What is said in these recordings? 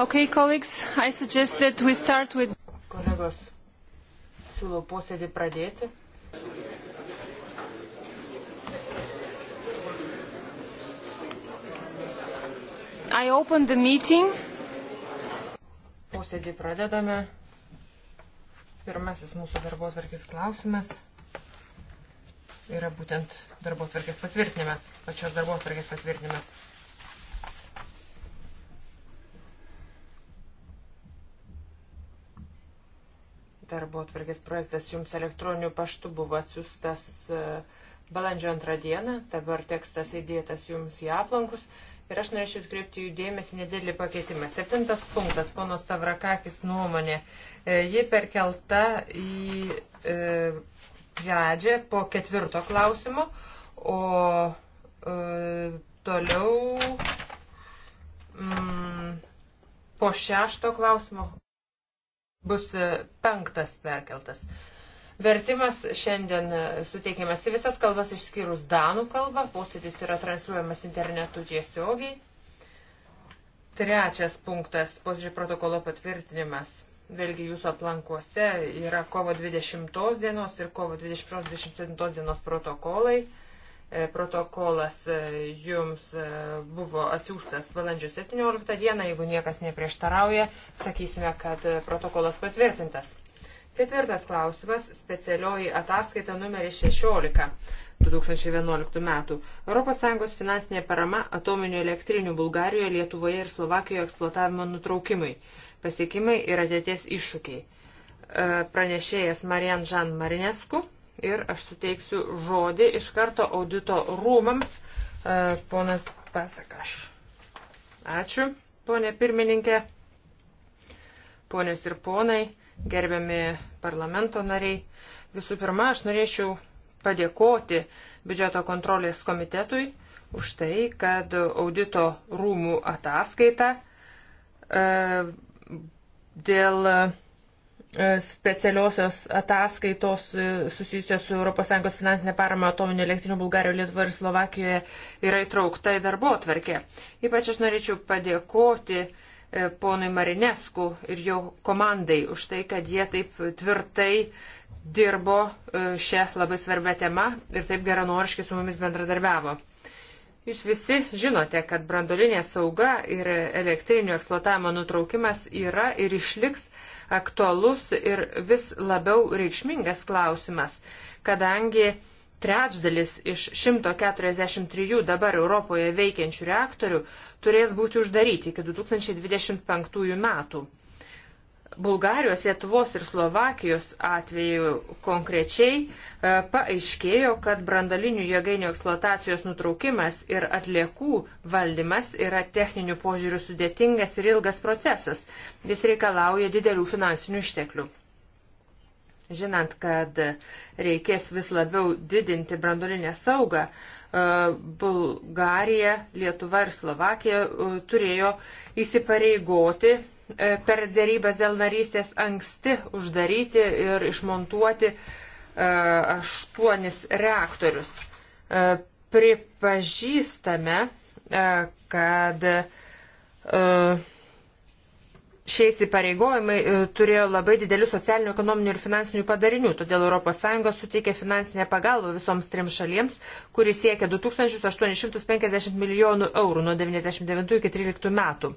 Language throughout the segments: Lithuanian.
Okay, colleagues, I suggest that we start with... Kolegos, siūlau posėdį pradėti. I open the meeting. Posėdį pradedame. Pirmasis mūsų darbo tvarkės klausimas yra būtent darbo tvarkės patvirtinimas, pačios darbo tvarkės patvirtinimas. darbo atvarkės projektas jums elektroniniu paštu buvo atsiustas e, balandžio antrą dieną, dabar tekstas įdėtas jums į aplankus ir aš norėčiau atkreipti jų dėmesį nedėlį pakeitimą. Septintas punktas, ponos Tavrakakis nuomonė, e, ji perkelta į e, pradžią po ketvirto klausimo, o e, toliau mm, po šešto klausimo bus e, penktas perkeltas. Vertimas šiandien e, suteikiamas į visas kalbas išskyrus danų kalbą, posėdis yra transliuojamas internetu tiesiogiai. Trečias punktas - posėdžio protokolo patvirtinimas. Vėlgi jūsų aplankuose yra kovo 20 dienos ir kovo 26 dienos protokolai. E, protokolas e, jums e, buvo atsiųstas balandžio 17 dieną, jeigu niekas neprieštarauja, sakysime, kad protokolas patvirtintas. Ketvirtas klausimas - specialioji ataskaita numeris 16 2011 metų. ES finansinė parama atominių elektrinių Bulgarijoje, Lietuvoje ir Slovakijoje eksploatavimo nutraukimui. Pasiekimai ir ateities iššūkiai. Pranešėjas Marian Žan Marinesku ir aš suteiksiu žodį iš karto audito rūmams, e, ponas Pasakaš. Ačiū, ponė pirmininkė, ponios ir ponai, gerbiami parlamento nariai. Visų pirma, aš norėčiau padėkoti biudžeto kontrolės komitetui už tai, kad audito rūmų ataskaita e, dėl E, specialiosios ataskaitos e, susijusios su ES finansinė parama atominių elektrinių Bulgarijoje, Lietuvoje ir Slovakijoje yra įtraukta į darbo atvarkę. Ypač aš norėčiau padėkoti e, ponui Marinesku ir jo komandai už tai, kad jie taip tvirtai dirbo šią labai svarbę temą ir taip geranoriškai su mumis bendradarbiavo. Jūs visi žinote, kad brandolinė sauga ir elektrinio eksploatavimo nutraukimas yra ir išliks aktualus ir vis labiau reikšmingas klausimas, kadangi trečdalis iš 143 dabar Europoje veikiančių reaktorių turės būti uždaryti iki 2025 metų. Bulgarijos, Lietuvos ir Slovakijos atveju konkrečiai e, paaiškėjo, kad brandalinių jėgainių eksploatacijos nutraukimas ir atliekų valdymas yra techninių požiūrių sudėtingas ir ilgas procesas. Jis reikalauja didelių finansinių išteklių. Žinant, kad reikės vis labiau didinti brandolinę saugą, e, Bulgarija, Lietuva ir Slovakija e, turėjo įsipareigoti E, per dėrybęs dėl narystės anksti uždaryti ir išmontuoti e, aštuonis reaktorius. E, pripažįstame, kad šie įsipareigojimai e, turėjo labai didelių socialinių, ekonominių ir finansinių padarinių, todėl ES suteikė finansinę pagalbą visoms trim šalims, kuri siekia 2850 milijonų eurų nuo 1999 iki 2013 metų.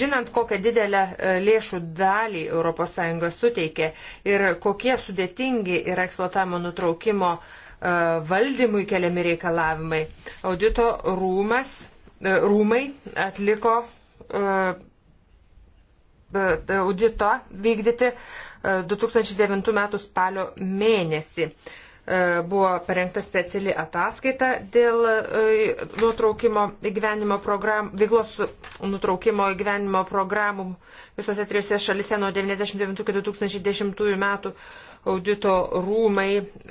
Žinant, kokią didelę e, lėšų dalį ES suteikė ir kokie sudėtingi yra eksploatavimo nutraukimo e, valdymui keliami reikalavimai, audito rūmas, rūmai atliko E, e, audito vykdyti 2009 e, m. spalio mėnesį. Buvo parengta speciali ataskaita dėl nutraukimo įgyvenimo programų, veiklos nutraukimo įgyvenimo programų visose trijose šalise nuo 1999 iki 2010 metų audito rūmai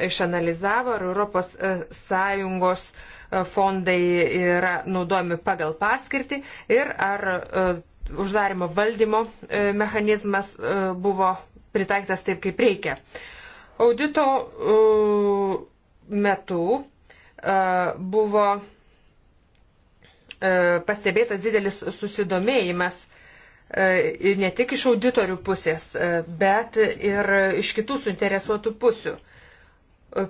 išanalizavo, ar Europos Sąjungos fondai yra naudojami pagal paskirtį ir ar uždarimo valdymo e, mechanizmas e, buvo pritaiktas taip, kaip reikia. Audito e, metu buvo pastebėtas didelis susidomėjimas ir ne tik iš auditorių pusės, bet ir iš kitų suinteresuotų pusių.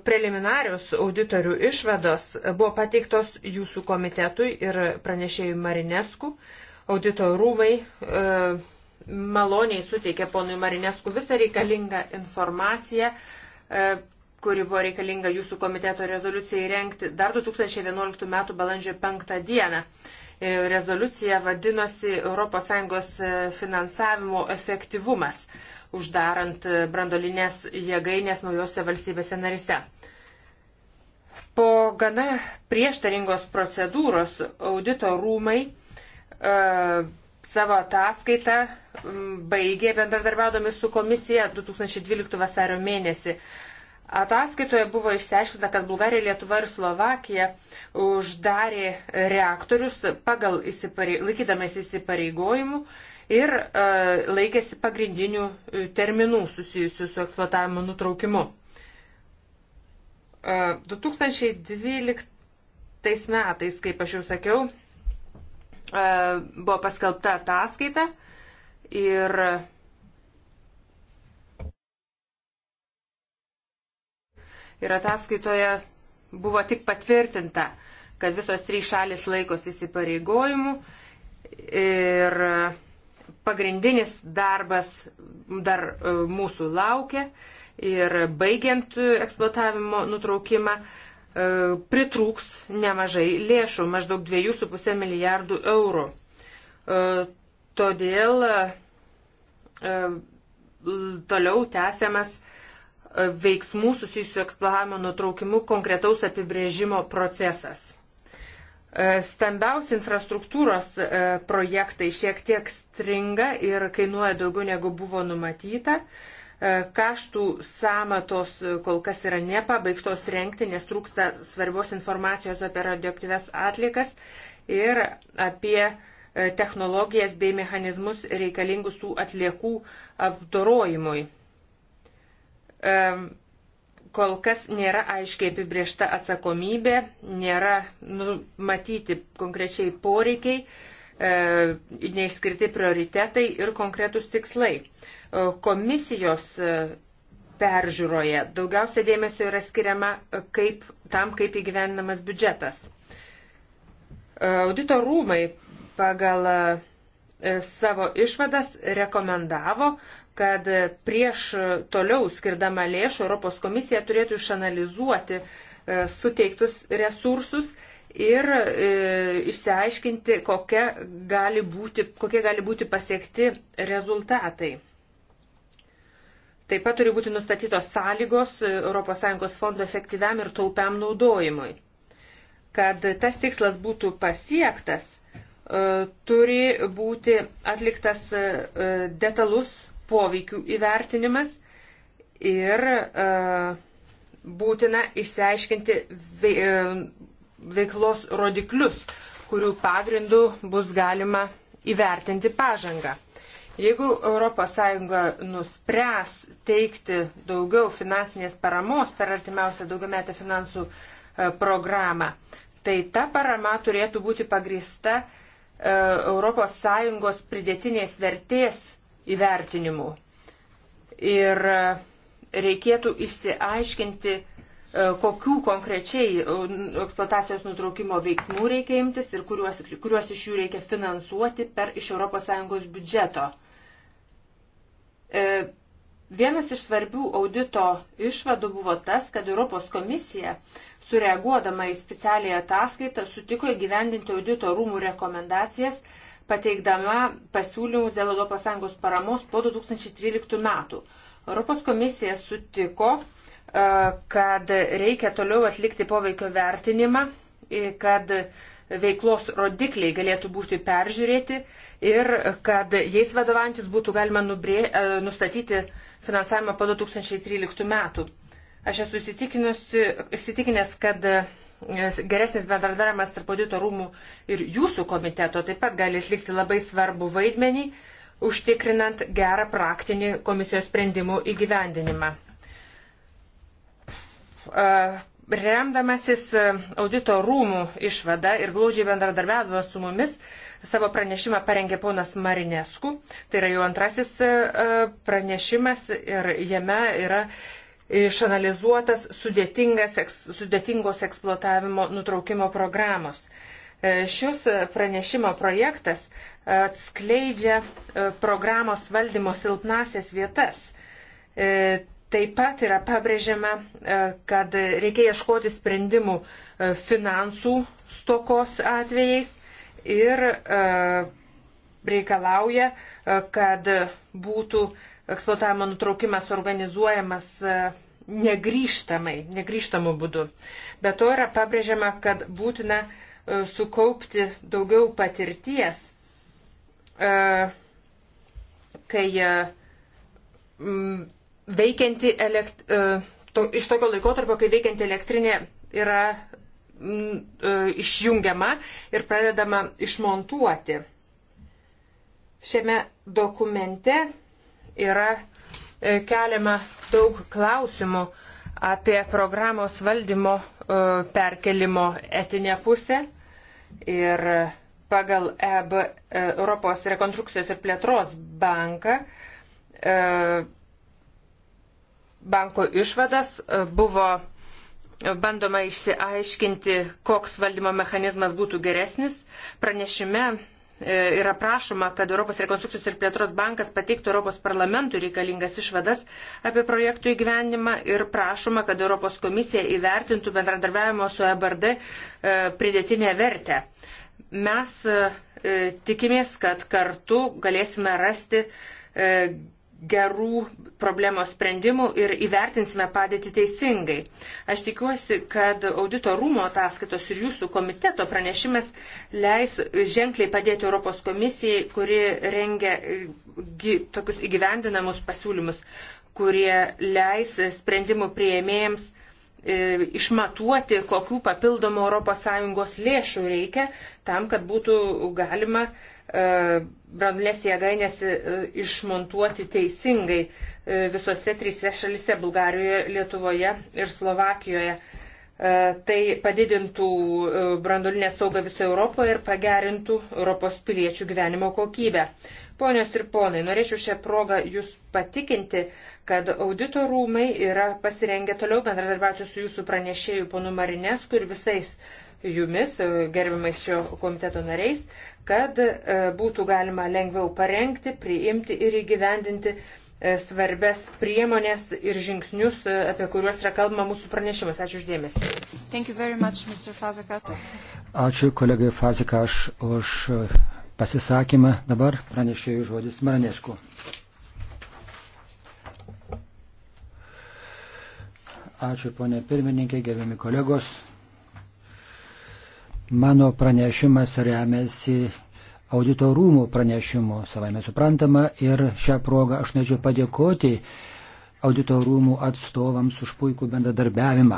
Preliminarius auditorių išvados buvo pateiktos jūsų komitetui ir pranešėjui Marinesku. Audito rūmai e, maloniai suteikė ponui Marinesku visą reikalingą informaciją, e, kuri buvo reikalinga jūsų komiteto rezoliucijai renkti dar 2011 m. balandžio 5 d. E, rezoliucija vadinosi ES e, finansavimo efektyvumas, uždarant e, brandolinės jėgainės naujose valstybėse narise. Po gana prieštaringos procedūros audito rūmai E, savo ataskaitą baigė bendradarbiaudami su komisija 2012 vasario mėnesį. Ataskaitoje buvo išsiaiškinta, kad Bulgarija, Lietuva ir Slovakija uždarė reaktorius pagal įsiparei, laikydamas įsipareigojimų ir e, laikėsi pagrindinių e, terminų susijusių su eksploatavimo nutraukimu. E, 2012 metais, kaip aš jau sakiau, E, buvo paskelbta ataskaita ir ir ataskaitoje buvo tik patvirtinta, kad visos trys šalis laikosi įsipareigojimų ir pagrindinis darbas dar e, mūsų laukia ir baigiant eksploatavimo nutraukimą E, pritrūks nemažai lėšų, maždaug 2,5 milijardų eurų. E, todėl e, toliau tęsiamas veiksmų susijusių eksploatavimo nutraukimu konkretaus apibrėžimo procesas. Stambiausi infrastruktūros projektai šiek tiek stringa ir kainuoja daugiau negu buvo numatyta. E, kaštų samatos kol kas yra nepabaigtos renkti, nes trūksta svarbios informacijos apie radioaktyves atlikas ir apie e, technologijas bei mechanizmus reikalingus tų atliekų apdorojimui. E, kol kas nėra aiškiai apibriešta atsakomybė, nėra numatyti konkrečiai poreikiai, neišskirti prioritetai ir konkretus tikslai. E, komisijos e, peržiūroje daugiausia dėmesio yra skiriama e, kaip, tam, kaip įgyvendinamas biudžetas. Audito rūmai pagal savo išvadas rekomendavo, kad prieš toliau skirdama lėšų Europos komisija turėtų išanalizuoti suteiktus resursus ir e, išsiaiškinti, kokie gali būti, kokie gali būti pasiekti rezultatai. Taip pat turi būti nustatytos sąlygos e, ES fondo efektyviam ir taupiam naudojimui. Kad tas tikslas būtų pasiektas, e, turi būti atliktas e, detalus poveikių įvertinimas ir būtina išsiaiškinti veiklos rodiklius, kurių pagrindų bus galima įvertinti pažangą. Jeigu ES nuspręs teikti daugiau finansinės paramos per artimiausią daugiametę finansų e, programą, tai ta parama turėtų būti pagrįsta ES pridėtinės vertės įvertinimu. Ir e, reikėtų išsiaiškinti, e, kokių konkrečiai eksploatacijos nutraukimo veiksmų reikia imtis ir kuriuos, kuriuos iš jų reikia finansuoti per iš ES biudžeto. E, vienas iš svarbių audito išvadų buvo tas, kad Europos komisija, sureaguodama į specialią ataskaitą, sutiko įgyvendinti audito rūmų rekomendacijas, pateikdama pasiūlymus dėl Europos Sąjungos paramos po 2013 metų. Europos komisija sutiko, e, kad reikia toliau atlikti poveikio vertinimą, e, kad veiklos rodikliai galėtų būti peržiūrėti ir kad jais vadovantis būtų galima nubrė, e, nustatyti finansavimą po 2013 metų. Aš esu įsitikinęs, kad e, geresnis bendradarbiavimas tarp audito rūmų ir jūsų komiteto taip pat gali atlikti labai svarbų vaidmenį, užtikrinant gerą praktinį komisijos sprendimų įgyvendinimą e, Remdamasis e, audito rūmų išvada ir glaudžiai bendradarbiavimo su mumis, savo pranešimą parengė ponas Marinesku. Tai yra jau antrasis e, e, pranešimas ir jame yra išanalizuotas sudėtingos eksploatavimo nutraukimo programos. Šios pranešimo projektas atskleidžia programos valdymo silpnasias vietas Taip pat yra pabrėžiama, e, kad reikia ieškoti sprendimų e, finansų stokos atvejais ir e, reikalauja, kad būtų eksploatavimo nutraukimas organizuojamas negryžtamai, negryžtamų būdų. Be to yra pabrėžiama, kad būtina sukaupti daugiau patirties, kai veikianti elekt, e, to, iš tokio laikotarpio, kai veikianti elektrinė yra m, e, išjungiama ir pradedama išmontuoti. Šiame dokumente yra e, keliama daug klausimų apie programos valdymo perkelimo etinę pusę ir pagal EB, Europos rekonstrukcijos ir plėtros banką banko išvadas e, buvo e, bandoma išsiaiškinti, koks valdymo mechanizmas būtų geresnis. Pranešime e, yra prašoma, kad Europos rekonstrukcijos ir plėtros bankas pateiktų Europos parlamentui reikalingas išvadas apie projektų įgyvendimą ir prašoma, kad Europos komisija įvertintų bendradarbiavimo su EBRD pridėtinę vertę. Mes tikimės, kad kartu galėsime rasti gerų problemos sprendimų ir įvertinsime padėtį teisingai. Aš tikiuosi, kad audito rūmo ataskaitos ir jūsų komiteto pranešimas leis ženkliai padėti Europos komisijai, kuri rengia e, tokius įgyvendinamus pasiūlymus, kurie leis sprendimų prieėmėjams e, išmatuoti, kokių papildomų ES lėšų reikia tam, kad būtų galima uh, E, branulės jėgainės e, išmontuoti teisingai e, visose trise šalise - Bulgarijoje, Lietuvoje ir Slovakijoje. Tai padidintų brandulinę saugą visoje Europoje ir pagerintų Europos piliečių gyvenimo kokybę. Ponios ir ponai, norėčiau šią progą jūs patikinti, kad audito rūmai yra pasirengę toliau bendradarbiauti su jūsų pranešėjų ponu Marinesku ir visais uh, jumis, e, gerbimais šio komiteto nariais, kad e, būtų galima lengviau parengti, priimti ir įgyvendinti e, svarbes priemonės ir žingsnius, apie kuriuos yra kalbama mūsų pranešimas. Ačiū uždėmesi. Much, Ačiū kolegai Fazikaš už pasisakymą. Dabar pranešėjų žodis Maranėsku. Ačiū ponė pirmininkė, gerbiami kolegos. Mano pranešimas remiasi audito rūmų pranešimu, savame suprantama, ir šią progą aš norėčiau padėkoti audito rūmų atstovams už puikų bendradarbiavimą.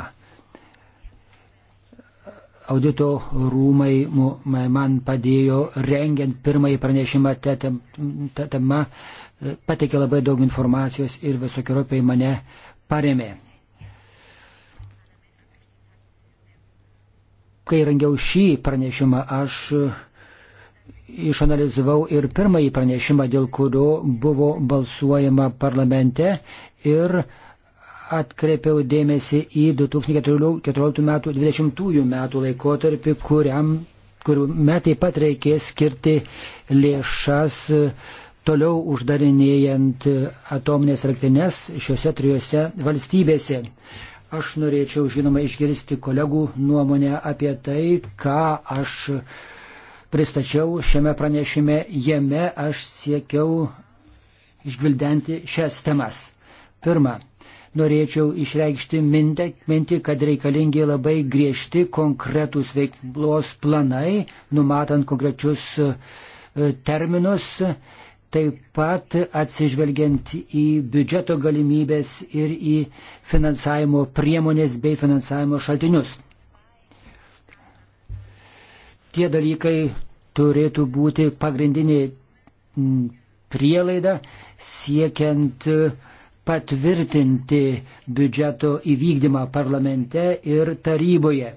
Audito rūmai man padėjo rengiant pirmąjį pranešimą tą temą, e, pateikė labai daug informacijos ir visokiojopai mane paremė. kai rengiau šį pranešimą, aš e, išanalizavau ir pirmąjį pranešimą, dėl kurio buvo balsuojama parlamente ir atkreipiau dėmesį į 2014 m. 20 m. laikotarpį, kuriam, kuriuo taip pat reikės skirti lėšas e, toliau uždarinėjant atominės elektrinės šiuose trijose valstybėse. Aš norėčiau, žinoma, išgirsti kolegų nuomonę apie tai, ką aš pristačiau šiame pranešime. Jame aš siekiau išgvildenti šias temas. Pirma, norėčiau išreikšti mintę, mintį, kad reikalingi labai griežti konkretūs veiklos planai, numatant konkrečius e, terminus taip pat atsižvelgiant į biudžeto galimybės ir į finansavimo priemonės bei finansavimo šaltinius. Tie dalykai turėtų būti pagrindinė prielaida siekiant e, patvirtinti biudžeto įvykdymą parlamente ir taryboje.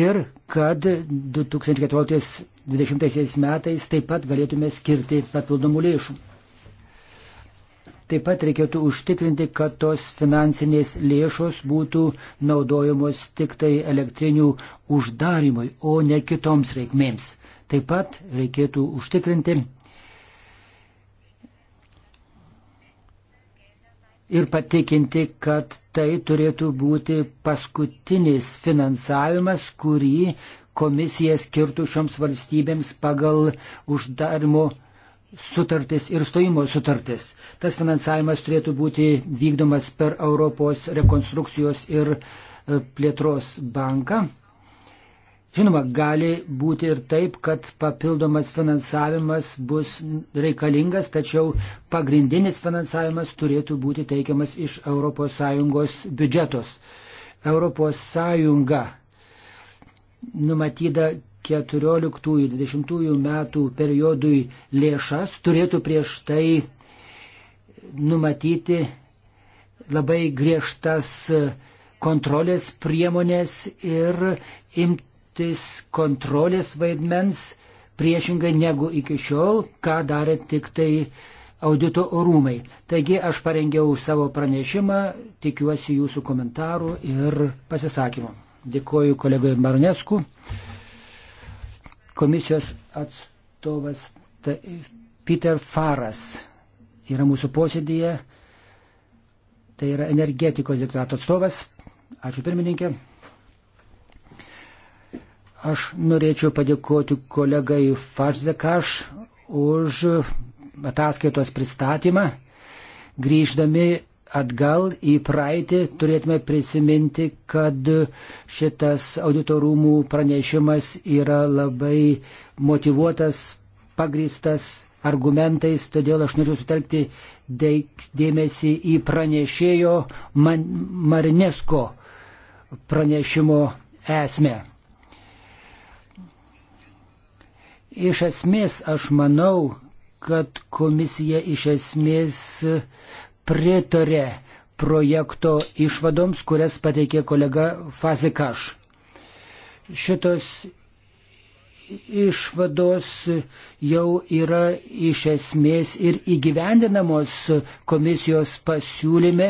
Ir kad 2014 2020 metais taip pat galėtume skirti papildomų lėšų. Taip pat reikėtų užtikrinti, kad tos finansinės lėšos būtų naudojamos tik tai elektrinių uždarimui, o ne kitoms reikmėms. Taip pat reikėtų užtikrinti ir patikinti, kad tai turėtų būti paskutinis finansavimas, kurį komisija skirtų šioms valstybėms pagal uždarimo sutartis ir stojimo sutartis. Tas finansavimas turėtų būti vykdomas per Europos rekonstrukcijos ir e, plėtros banką. Žinoma, gali būti ir taip, kad papildomas finansavimas bus reikalingas, tačiau pagrindinis finansavimas turėtų būti teikiamas iš ES biudžetos. ES numatyta 14-20 metų periodui lėšas, turėtų prieš tai numatyti labai griežtas kontrolės priemonės ir imtis kontrolės vaidmens priešingai negu iki šiol, ką darė tik tai audito rūmai. Taigi aš parengiau savo pranešimą, tikiuosi jūsų komentarų ir pasisakymų. Dėkuoju kolegai Baronesku. Komisijos atstovas Peter Faras yra mūsų posėdėje. Tai yra energetikos direktorato atstovas. Ačiū pirmininkė. Aš norėčiau padėkoti kolegai Farsdekaš už ataskaitos pristatymą. Grįždami atgal į praeitį turėtume prisiminti, kad šitas auditorumų pranešimas yra labai motivuotas, pagristas argumentais, todėl aš noriu sutelkti dėmesį į pranešėjo Man Marinesko pranešimo esmę. Iš esmės aš manau, kad komisija iš esmės pritarė projekto išvadoms, kurias pateikė kolega Fazikaš. Šitos išvados jau yra iš esmės ir įgyvendinamos komisijos pasiūlyme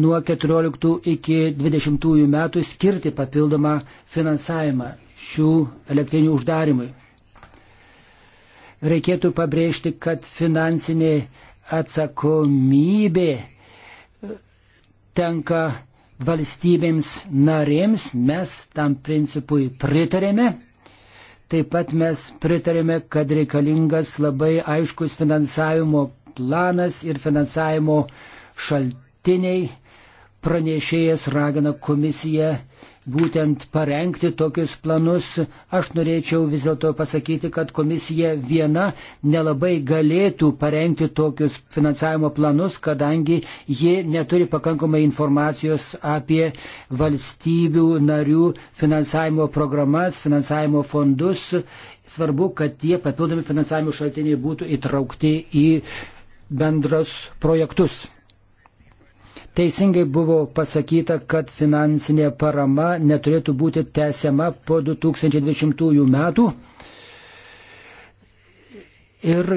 nuo 14 iki 20 metų skirti papildomą finansavimą šių elektrinių uždarimui. Reikėtų pabrėžti, kad finansinė atsakomybė tenka valstybėms narėms, mes tam principui pritarėme. Taip pat mes pritarėme, kad reikalingas labai aiškus finansavimo planas ir finansavimo šaltiniai. Pranešėjas ragina komisiją būtent parengti tokius planus. Aš norėčiau vis dėlto pasakyti, kad komisija viena nelabai galėtų parengti tokius finansavimo planus, kadangi ji neturi pakankamai informacijos apie valstybių narių finansavimo programas, finansavimo fondus. Svarbu, kad tie papildomi finansavimo šaltiniai būtų įtraukti į bendrus projektus. Teisingai buvo pasakyta, kad finansinė parama neturėtų būti tęsiama po 2020 metų. Ir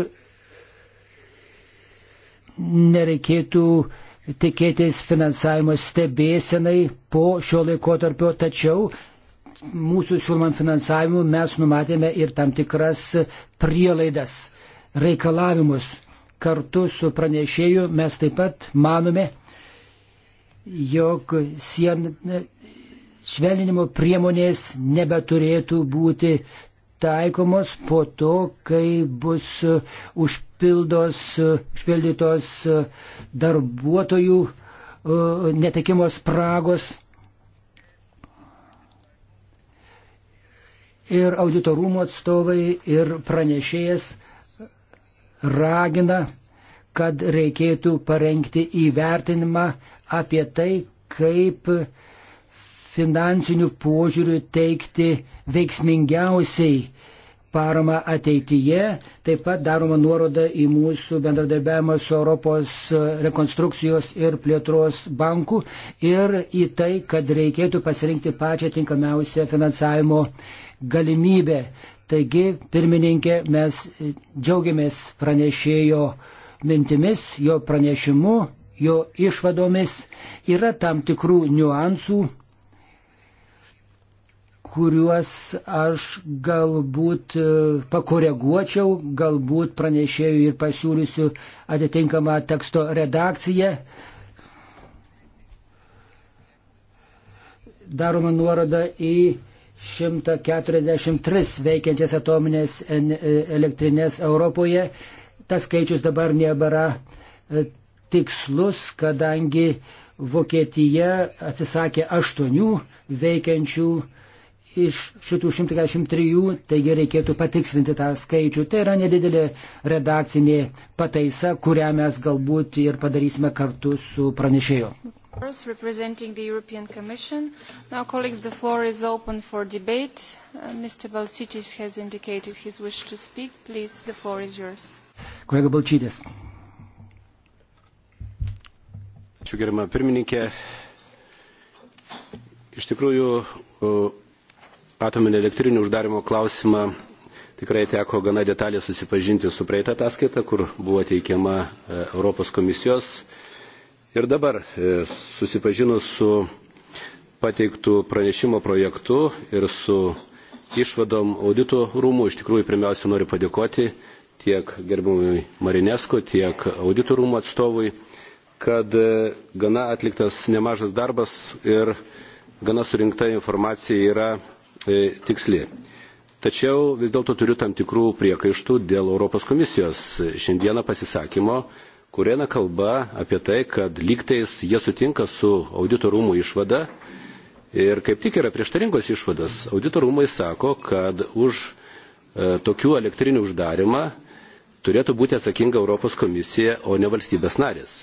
nereikėtų tikėtis finansavimo stebėsenai po šio laikotarpio, tačiau mūsų siūlomam finansavimu mes numatėme ir tam tikras prielaidas, reikalavimus. Kartu su pranešėju mes taip pat manome, jog sien švelninimo priemonės nebeturėtų būti taikomos po to, kai bus užpildos, užpildytos darbuotojų e, netekimo spragos. Ir auditorumo atstovai ir pranešėjas ragina, kad reikėtų parengti įvertinimą apie tai, kaip finansinių požiūrių teikti veiksmingiausiai paramą ateityje. Taip pat daroma nuoroda į mūsų bendradarbiavimą su Europos rekonstrukcijos ir plėtros banku ir į tai, kad reikėtų pasirinkti pačią tinkamiausią finansavimo galimybę. Taigi, pirmininkė, mes džiaugiamės pranešėjo mintimis, jo pranešimu jo išvadomis. Yra tam tikrų niuansų, kuriuos aš galbūt e, pakoreguočiau, galbūt pranešėjau ir pasiūlysiu atitinkamą teksto redakciją. Daroma nuoroda į 143 veikiančias atominės e, elektrinės Europoje. Tas skaičius dabar nebėra e, tikslus, kadangi Vokietija atsisakė aštuonių veikiančių iš šitų 143, taigi reikėtų patikslinti tą skaičių. Tai yra nedidelė redakcinė pataisa, kurią mes galbūt ir padarysime kartu su pranešėju. Representing the European Commission. Now, colleagues, the floor is open for debate. Uh, Mr. Balcitis has indicated his wish to speak. Please, the floor is yours. Kolega Balcitis. Ačiū gerima pirmininkė. Iš tikrųjų, atominio elektrinio uždarimo klausimą tikrai teko gana detaliai susipažinti su praeitą ataskaitą, kur buvo teikiama e, Europos komisijos. Ir dabar e, susipažinus su pateiktų pranešimo projektu ir su išvadom audito rūmų, iš tikrųjų pirmiausia noriu padėkoti tiek gerbimui Marinesko, tiek audito rūmų atstovui kad e, gana atliktas nemažas darbas ir gana surinkta informacija yra e, tiksli. Tačiau vis dėlto turiu tam tikrų priekaištų dėl Europos komisijos šiandieną pasisakymo, kuriame kalba apie tai, kad lygtais jie sutinka su auditorumų išvada ir kaip tik yra prieštaringos išvadas. Auditorumai sako, kad už e, tokių elektrinių uždarimą turėtų būti atsakinga Europos komisija, o ne valstybės narės.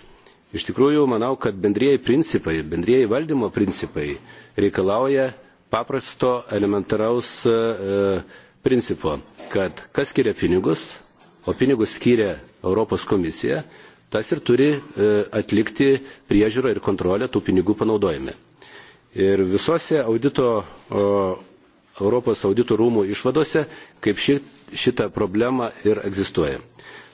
Iš tikrųjų, manau, kad bendrieji principai, bendrieji valdymo principai reikalauja paprasto elementaraus e, e, principo, kad kas skiria pinigus, o pinigus skiria Europos komisija, tas ir turi e, atlikti priežiūrą ir kontrolę tų pinigų panaudojime. Ir visose audito, Europos audito rūmų išvadose, kaip ši, šita problema ir egzistuoja.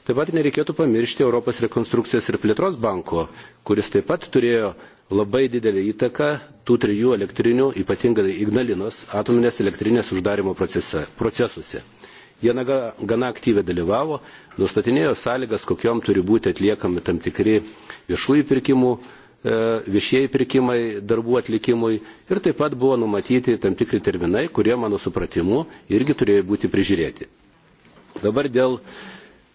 Taip pat nereikėtų pamiršti Europos rekonstrukcijos ir plėtros banko, kuris taip pat turėjo labai didelį įtaką tų trijų elektrinių, ypatingai Ignalinos atominės elektrinės uždarimo procese, procesuose. Jie gana aktyviai dalyvavo, nustatinėjo sąlygas, kokiom turi būti atliekami tam tikri viešųjų pirkimų, e, viešieji pirkimai darbų atlikimui ir taip pat buvo numatyti tam tikri terminai, kurie mano supratimu irgi turėjo būti prižiūrėti. Dabar dėl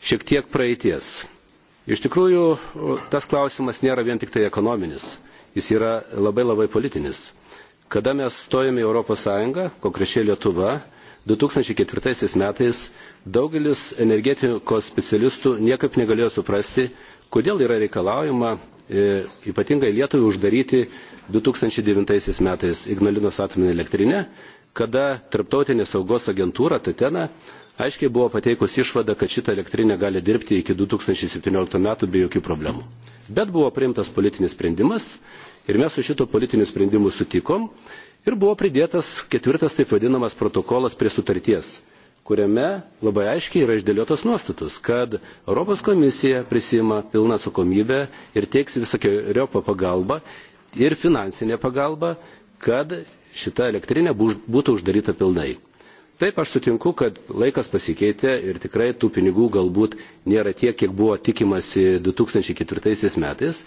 šiek tiek praeities. Iš tikrųjų, tas klausimas nėra vien tik tai ekonominis, jis yra labai labai politinis. Kada mes stojame į Europos Sąjungą, konkrečiai Lietuva, 2004 metais daugelis energetikos specialistų niekaip negalėjo suprasti, kodėl yra reikalaujama e, ypatingai Lietuvai uždaryti 2009 metais Ignalinos atominę elektrinę, kada Tarptautinė saugos agentūra Tatena aiškiai buvo pateikus išvadą, kad šitą elektrinę gali dirbti iki 2017 metų be jokių problemų. Bet buvo priimtas politinis sprendimas ir mes su šito politiniu sprendimu sutikom ir buvo pridėtas ketvirtas taip vadinamas protokolas prie sutarties kuriame labai aiškiai yra išdėliotos nuostatos, kad Europos komisija prisima pilną atsakomybę ir teiks visokiojopą pagalbą ir finansinę pagalbą, kad šita elektrinė būtų uždaryta pilnai. Taip, aš sutinku, kad laikas pasikeitė ir tikrai tų pinigų galbūt nėra tiek, kiek buvo tikimasi 2004 metais,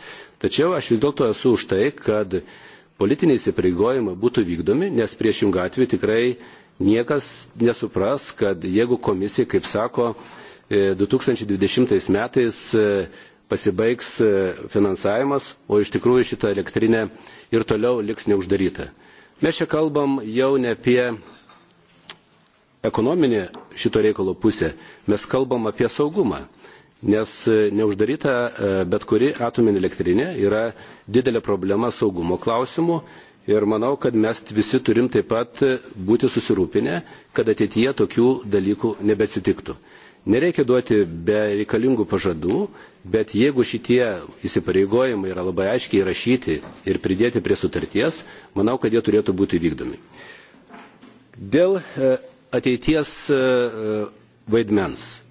tačiau aš vis dėlto esu už tai, kad politiniai įsipareigojimai būtų vykdomi, nes priešingų atveju tikrai niekas nesupras, kad jeigu komisija, kaip sako, 2020 e, metais e, pasibaigs e, finansavimas, o iš tikrųjų šita elektrinė ir toliau liks neuždaryta. Mes čia kalbam jau ne apie ekonominė šito reikalo pusė, mes kalbam apie saugumą. Nes e, neuždaryta e, bet kuri atominė elektrinė yra didelė problema saugumo klausimų ir manau, kad mes visi turim taip pat e, būti susirūpinę, kad ateityje tokių dalykų nebeatsitiktų. Nereikia duoti be reikalingų pažadų, bet jeigu šitie įsipareigojimai yra labai aiškiai įrašyti ir pridėti prie sutarties, manau, kad jie turėtų būti vykdomi. Dėl ateities e, e, vaidmens.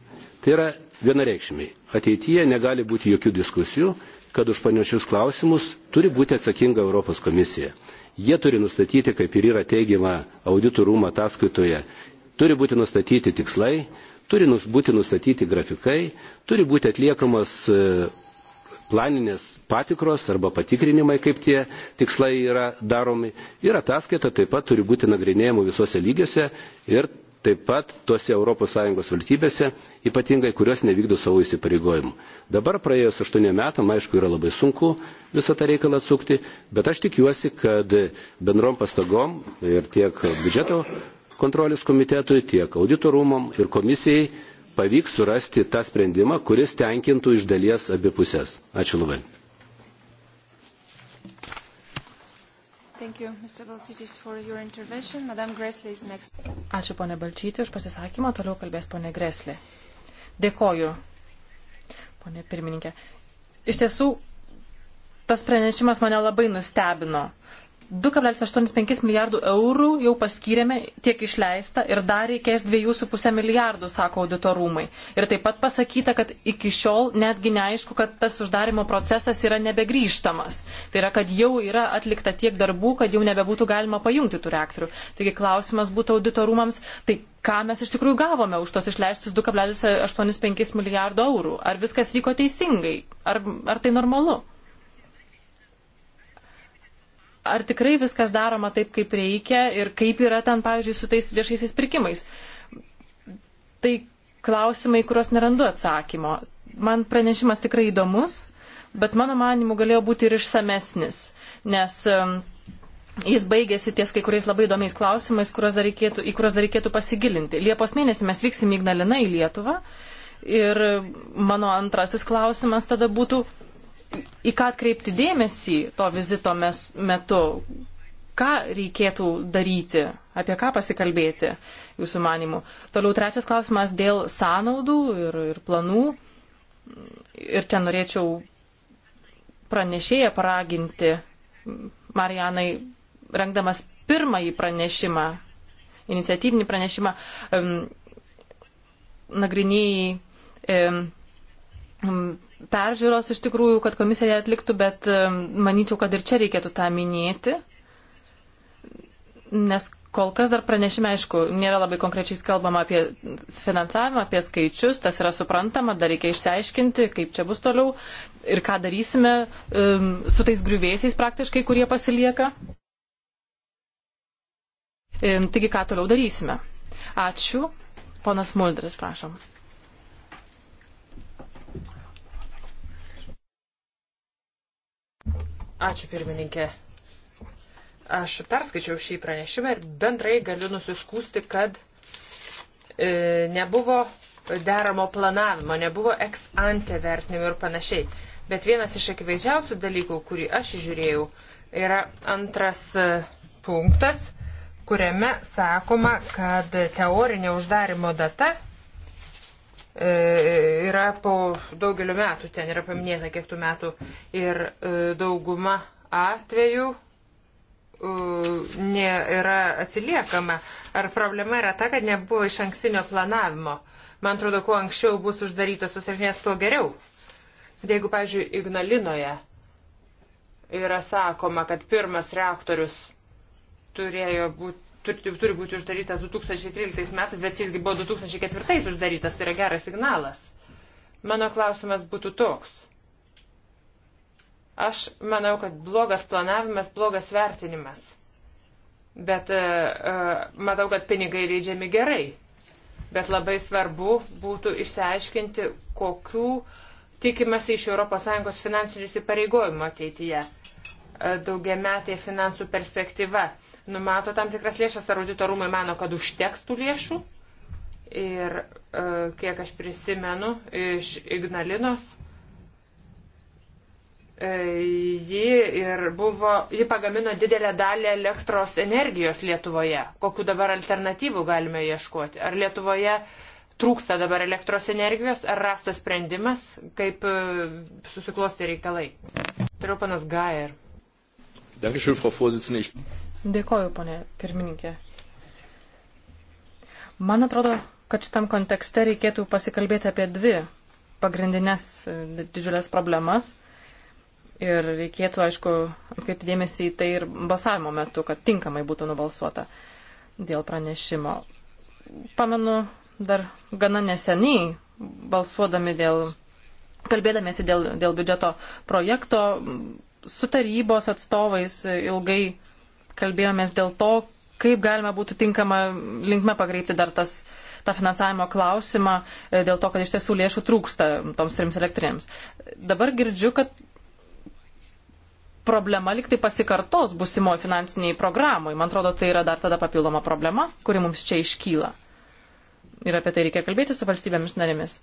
Tai yra vienareikšmiai. Ateityje negali būti jokių diskusijų, kad už panašius klausimus turi būti atsakinga Europos komisija. Jie turi nustatyti, kaip ir yra teigiama auditų rūmų ataskaitoje, turi būti nustatyti tikslai, turi būti nustatyti grafikai, turi būti atliekamas e, planinės patikros arba patikrinimai, kaip tie tikslai yra daromi. Ir ataskaita taip pat turi būti nagrinėjama visose lygiuose ir taip pat tose ES valstybėse, ypatingai kurios nevykdo savo įsipareigojimų. Dabar praėjus aštuoniem metam, aišku, yra labai sunku visą tą reikalą atsukti, bet aš tikiuosi, kad bendrom pastagom ir tiek biudžeto kontrolės komitetui, tiek auditorumam ir komisijai pavyks surasti tą sprendimą, kuris tenkintų iš dalies abi pusės. Ačiū labai. Thank you, Mr. Balčytis, for your intervention. Madame Gresley is next. Ačiū, ponė Balčytė, už pasisakymą. Toliau kalbės ponė Gresley. Dėkoju, ponė pirmininkė. Iš tiesų, tas pranešimas mane labai nustebino. 2,85 milijardų eurų jau paskyrėme, tiek išleista ir dar reikės 2,5 milijardų, sako auditorumai. Ir taip pat pasakyta, kad iki šiol netgi neaišku, kad tas uždarimo procesas yra nebegrįžtamas. Tai yra, kad jau yra atlikta tiek darbų, kad jau nebebūtų galima pajungti tų reaktorių. Taigi klausimas būtų auditorumams, tai ką mes iš tikrųjų gavome už tos išleistus 2,85 milijardo eurų? Ar viskas vyko teisingai? Ar, ar tai normalu? ar tikrai viskas daroma taip, kaip reikia ir kaip yra ten, pavyzdžiui, su tais viešaisiais pirkimais. Tai klausimai, kuriuos nerandu atsakymo. Man pranešimas tikrai įdomus, bet mano manimu galėjo būti ir išsamesnis, nes um, jis baigėsi ties kai kuriais labai įdomiais klausimais, kuriuos dar reikėtų, į kuriuos dar reikėtų pasigilinti. Liepos mėnesį mes vyksim į Ignaliną, į Lietuvą. Ir mano antrasis klausimas tada būtų, į ką atkreipti dėmesį to vizito mes, metu, ką reikėtų daryti, apie ką pasikalbėti jūsų manimu. Toliau trečias klausimas dėl sąnaudų ir, ir planų. Ir čia norėčiau pranešėją paraginti, Marijanai, rengdamas pirmąjį pranešimą, iniciatyvinį pranešimą, um, nagrinėjai um, peržiūros iš tikrųjų, kad komisija ją atliktų, bet manyčiau, kad ir čia reikėtų tą minėti, nes kol kas dar pranešime, aišku, nėra labai konkrečiai kalbama apie finansavimą, apie skaičius, tas yra suprantama, dar reikia išsiaiškinti, kaip čia bus toliau ir ką darysime um, su tais griuvėsiais praktiškai, kurie pasilieka. Um, taigi, ką toliau darysime. Ačiū. Ponas Mulderis, prašom. Ačiū pirmininkė. Aš perskaičiau šį pranešimą ir bendrai galiu nusiskūsti, kad e, nebuvo deramo planavimo, nebuvo ex ante vertinimo ir panašiai. Bet vienas iš akivaizdžiausių dalykų, kurį aš žiūrėjau, yra antras e, punktas, kuriame sakoma, kad teorinė uždarimo data E, yra po daugelio metų, ten yra paminėta kiek tų metų ir e, dauguma atvejų e, nėra atsiliekama. Ar problema yra ta, kad nebuvo iš ankstinio planavimo? Man atrodo, kuo anksčiau bus uždarytos susirinės, tuo geriau. Jeigu, pavyzdžiui, Ignalinoje yra sakoma, kad pirmas reaktorius turėjo būti turi, turi būti uždarytas 2013 metais, bet jisgi buvo 2004 uždarytas, tai yra geras signalas. Mano klausimas būtų toks. Aš manau, kad blogas planavimas, blogas vertinimas. Bet uh, matau, kad pinigai leidžiami gerai. Bet labai svarbu būtų išsiaiškinti, kokių tikimasi iš ES finansinių įsipareigojimų ateityje. Uh, daugiametė finansų perspektyva. Uh, numato tam tikras lėšas, ar auditorumai mano, kad užteks tų lėšų. Ir e, kiek aš prisimenu iš Ignalinos, e, ji ir buvo, ji pagamino didelę dalį elektros energijos Lietuvoje. Kokiu dabar alternatyvų galime ieškoti? Ar Lietuvoje trūksta dabar elektros energijos, ar rastas sprendimas, kaip e, susiklosti reikalai? Turiu panas Gair. Dankeschön, Frau Vorsitzende. Dėkoju, ponė pirmininkė. Man atrodo, kad šitam kontekste reikėtų pasikalbėti apie dvi pagrindinės didžiulės problemas. Ir reikėtų, aišku, atkreipti dėmesį į tai ir balsavimo metu, kad tinkamai būtų nubalsuota dėl pranešimo. Pamenu, dar gana neseniai balsuodami dėl, kalbėdamėsi dėl, dėl biudžeto projekto, su tarybos atstovais ilgai kalbėjomės dėl to, kaip galima būtų tinkama linkme pagreipti dar tas, tą finansavimo klausimą, e, dėl to, kad iš tiesų lėšų trūksta toms trims elektrinėms. Dabar girdžiu, kad problema liktai pasikartos busimoji finansiniai programai. Man atrodo, tai yra dar tada papildoma problema, kuri mums čia iškyla. Ir apie tai reikia kalbėti su valstybėmis narėmis.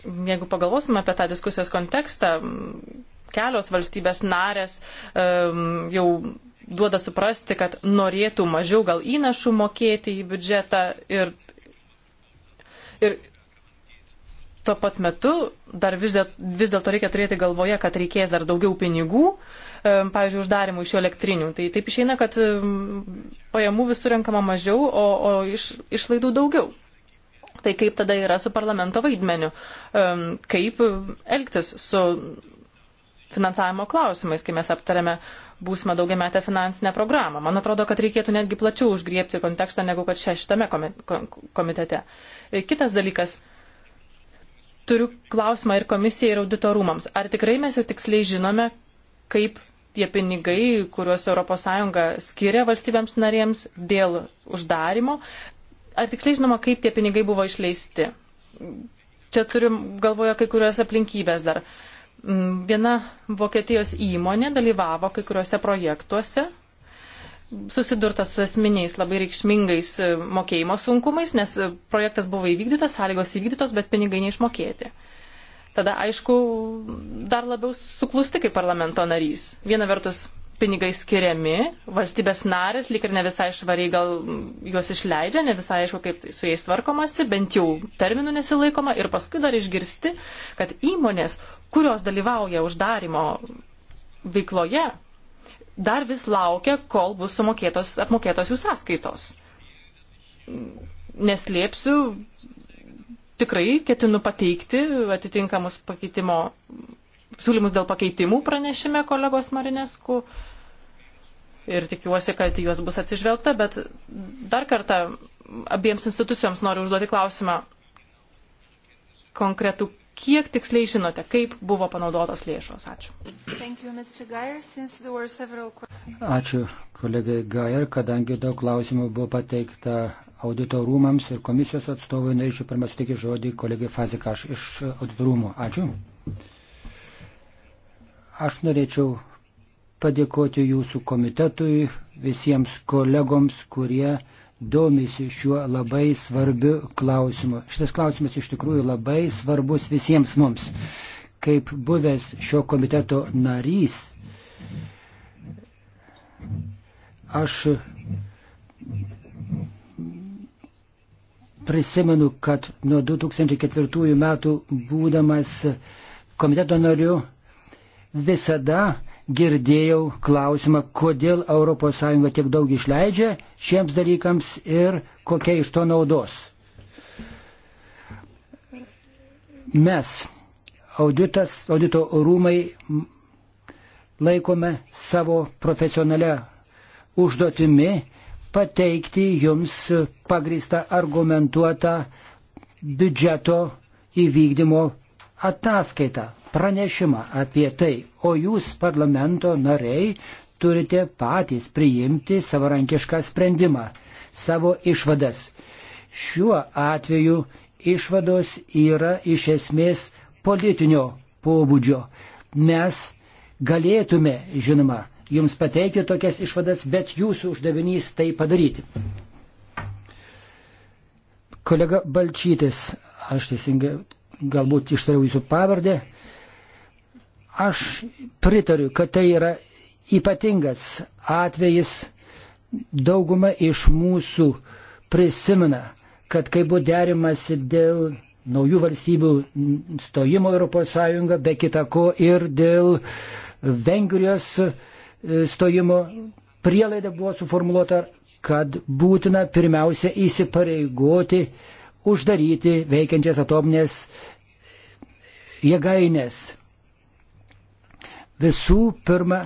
Jeigu pagalvosime apie tą diskusijos kontekstą, kelios valstybės narės um, jau duoda suprasti, kad norėtų mažiau gal įnašų mokėti į biudžetą ir, ir tuo pat metu dar vis, dėl, vis dėlto reikia turėti galvoje, kad reikės dar daugiau pinigų, um, pavyzdžiui, uždarimų iš elektrinių. Tai taip išeina, kad um, pajamų vis surenkama mažiau, o, o iš, išlaidų daugiau. Tai kaip tada yra su parlamento vaidmeniu? Um, kaip elgtis su finansavimo klausimais, kai mes aptarėme būsimą daugiametę finansinę programą. Man atrodo, kad reikėtų netgi plačiau užgriepti kontekstą, negu kad čia šitame komitete. E, kitas dalykas. Turiu klausimą ir komisijai, ir auditorumams. Ar tikrai mes jau tiksliai žinome, kaip tie pinigai, kuriuos ES skiria valstybėms narėms dėl uždarimo, ar tiksliai žinoma, kaip tie pinigai buvo išleisti? Čia turim galvoje kai kurios aplinkybės dar. Uh, Mm, viena Vokietijos įmonė dalyvavo kai kuriuose projektuose, susidurta su esminiais labai reikšmingais e, mokėjimo sunkumais, nes projektas buvo įvykdytas, sąlygos įvykdytos, bet pinigai neišmokėti. Tada, aišku, dar labiau suklusti kaip parlamento narys. Viena vertus, pinigai skiriami, valstybės narės lyg ir ne visai švariai gal juos išleidžia, ne visai aišku, kaip tai su jais tvarkomasi, bent jau terminų nesilaikoma ir paskui dar išgirsti, kad įmonės, kurios dalyvauja uždarimo veikloje, dar vis laukia, kol bus sumokėtos, apmokėtos jų sąskaitos. Neslėpsiu, tikrai ketinu pateikti atitinkamus pakeitimo, siūlymus dėl pakeitimų pranešime kolegos Marinesku. Ir tikiuosi, kad juos bus atsižvelgta, bet dar kartą abiems institucijoms noriu užduoti klausimą konkretų kiek tiksliai žinote, kaip buvo panaudotos lėšos? Ačiū. Ačiū kolegai Gair, kadangi daug klausimų buvo pateikta audito rūmams ir komisijos atstovui, norėčiau pirmą sutikti žodį kolegai Fazikaš iš audito rūmų. Ačiū. Aš norėčiau padėkoti jūsų komitetui, visiems kolegoms, kurie domisi šiuo labai svarbiu klausimu. Šitas klausimas iš tikrųjų labai svarbus visiems mums. Kaip buvęs šio komiteto narys, aš prisimenu, kad nuo 2004 metų būdamas komiteto nariu visada girdėjau klausimą, kodėl ES tiek daug išleidžia šiems dalykams ir kokia iš to naudos. Mes, auditas, audito rūmai, laikome savo profesionalią užduotimi pateikti jums pagrįstą argumentuotą biudžeto įvykdymo ataskaitą pranešimą apie tai, o jūs parlamento nariai turite patys priimti savarankišką sprendimą, savo išvadas. Šiuo atveju išvados yra iš esmės politinio pobūdžio. Mes galėtume, žinoma, jums pateikti tokias išvadas, bet jūsų uždavinys tai padaryti. Kolega Balčytis, aš teisingai galbūt ištariau jūsų pavardę, Aš pritariu, kad tai yra ypatingas atvejis. Dauguma iš mūsų prisimena, kad kai buvo derimasi dėl naujų valstybių stojimo ES, be kita ko ir dėl Vengrijos e, stojimo prielaida buvo suformuoluota, kad būtina pirmiausia įsipareigoti uždaryti veikiančias atominės jėgainės. Visų pirma,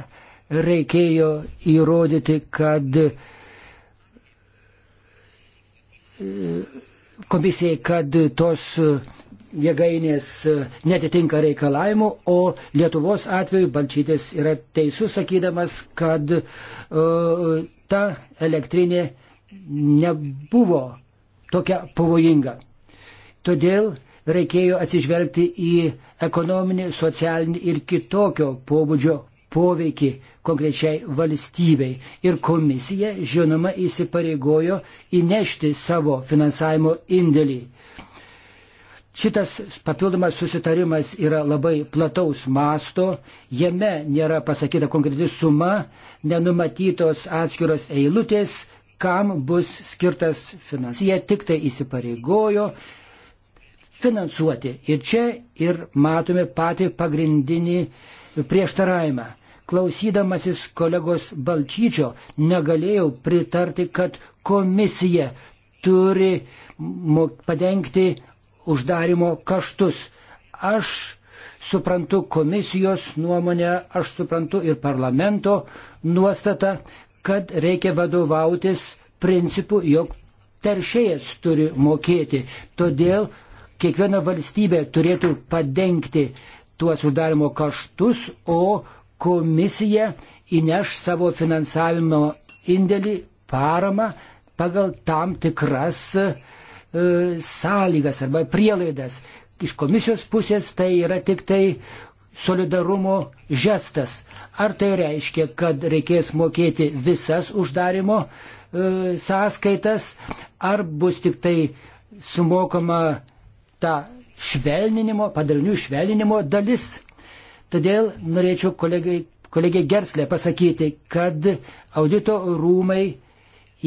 reikėjo įrodyti, kad e, komisijai, kad tos e, jėgainės e, netitinka reikalavimu, o Lietuvos atveju Balčytis yra teisus, sakydamas, kad uh, ta elektrinė nebuvo tokia pavojinga. Todėl reikėjo atsižvelgti į ekonominį, socialinį ir kitokio pobūdžio poveikį konkrečiai valstybei. Ir komisija, žinoma, įsipareigojo įnešti savo finansavimo indėlį. Šitas papildomas susitarimas yra labai plataus masto, jame nėra pasakyta konkreti suma, nenumatytos atskiros eilutės, kam bus skirtas finansija, tik tai įsipareigojo finansuoti. Ir čia ir matome patį pagrindinį prieštaravimą. Klausydamasis kolegos Balčyčio negalėjau pritarti, kad komisija turi padengti uždarimo kaštus. Aš suprantu komisijos nuomonę, aš suprantu ir parlamento nuostatą, kad reikia vadovautis principu, jog teršėjas turi mokėti. Todėl Kiekviena valstybė turėtų padengti tuos uždarimo kaštus, o komisija įneš savo finansavimo indėlį, paramą pagal tam tikras e, sąlygas arba prielaidas. Iš komisijos pusės tai yra tik tai solidarumo žestas. Ar tai reiškia, kad reikės mokėti visas uždarimo e, sąskaitas, ar bus tik tai sumokama ta švelninimo, padalinių švelninimo dalis. Todėl norėčiau kolegai, kolegai Gerslė pasakyti, kad audito rūmai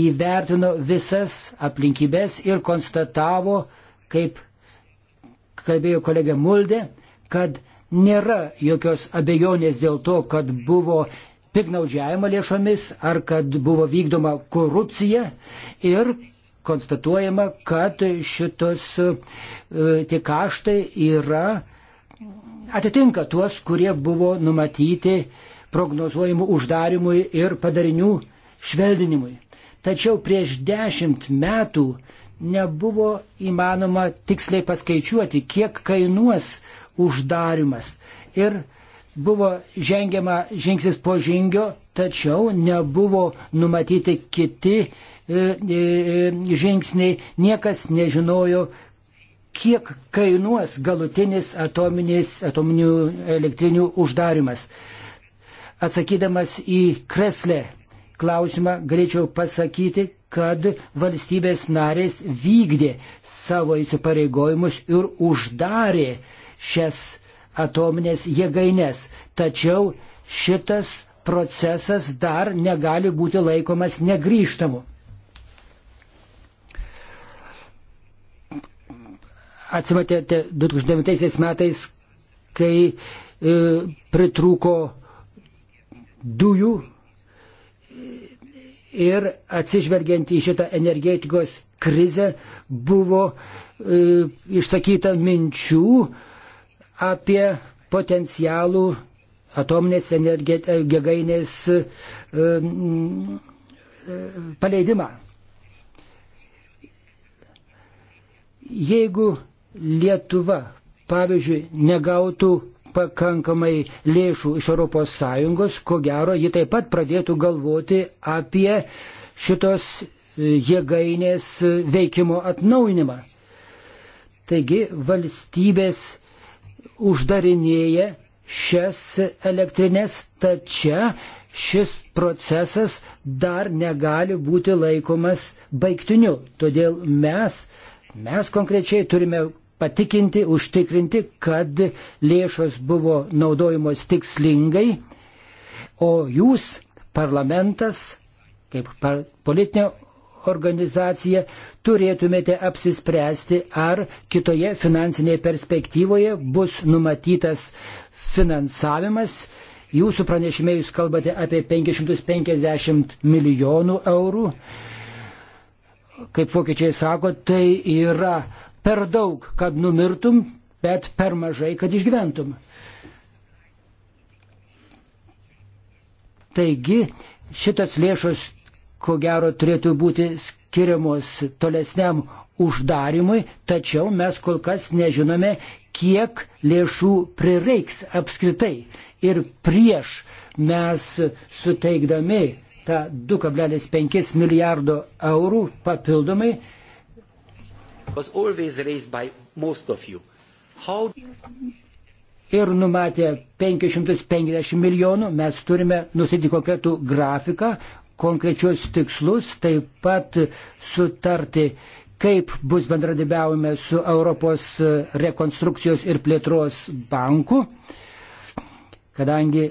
įvertino visas aplinkybės ir konstatavo, kaip kalbėjo kolega Muldė, kad nėra jokios abejonės dėl to, kad buvo piknaudžiavimo lėšomis ar kad buvo vykdoma korupcija ir konstatuojama, kad šitos e, tie kaštai yra atitinka tuos, kurie buvo numatyti prognozuojimų uždarimui ir padarinių švelninimui. Tačiau prieš dešimt metų nebuvo įmanoma tiksliai paskaičiuoti, kiek kainuos uždarimas. Ir buvo žengiama žingsnis po žingio, tačiau nebuvo numatyti kiti E, e, žingsniai, niekas nežinojo, kiek kainuos galutinis atominės, atominių elektrinių uždarimas. Atsakydamas į kreslę klausimą, galėčiau pasakyti, kad valstybės narės vykdė savo įsipareigojimus ir uždarė šias atominės jėgainės. Tačiau šitas procesas dar negali būti laikomas negryžtamu. atsimatėte 2009 metais, kai e, pritrūko dujų ir atsižvelgiant į šitą energetikos krizę buvo e, išsakyta minčių apie potencialų atominės jėgainės e, e, e, paleidimą. Jeigu Lietuva, pavyzdžiui, negautų pakankamai lėšų iš ES, ko gero, ji taip pat pradėtų galvoti apie šitos jėgainės veikimo atnauinimą. Taigi valstybės uždarinėja šias elektrinės, tačia šis procesas dar negali būti laikomas baigtiniu. Todėl mes, mes konkrečiai turime patikinti, užtikrinti, kad lėšos buvo naudojamos tikslingai, o jūs, parlamentas, kaip par politinė organizacija, turėtumėte apsispręsti, ar kitoje finansinėje perspektyvoje bus numatytas finansavimas. Jūsų pranešime jūs kalbate apie 550 milijonų eurų. Kaip vokiečiai sako, tai yra per daug, kad numirtum, bet per mažai, kad išgyventum. Taigi šitas lėšos, ko gero, turėtų būti skiriamos tolesniam uždarimui, tačiau mes kol kas nežinome, kiek lėšų prireiks apskritai. Ir prieš mes suteikdami tą 2,5 milijardo eurų papildomai was always raised by most of you. How... Ir numatė 550 milijonų, mes turime nusiti konkretų grafiką, konkrečius tikslus, taip pat sutarti, kaip bus bendradabiaujame su Europos rekonstrukcijos ir plėtros banku, kadangi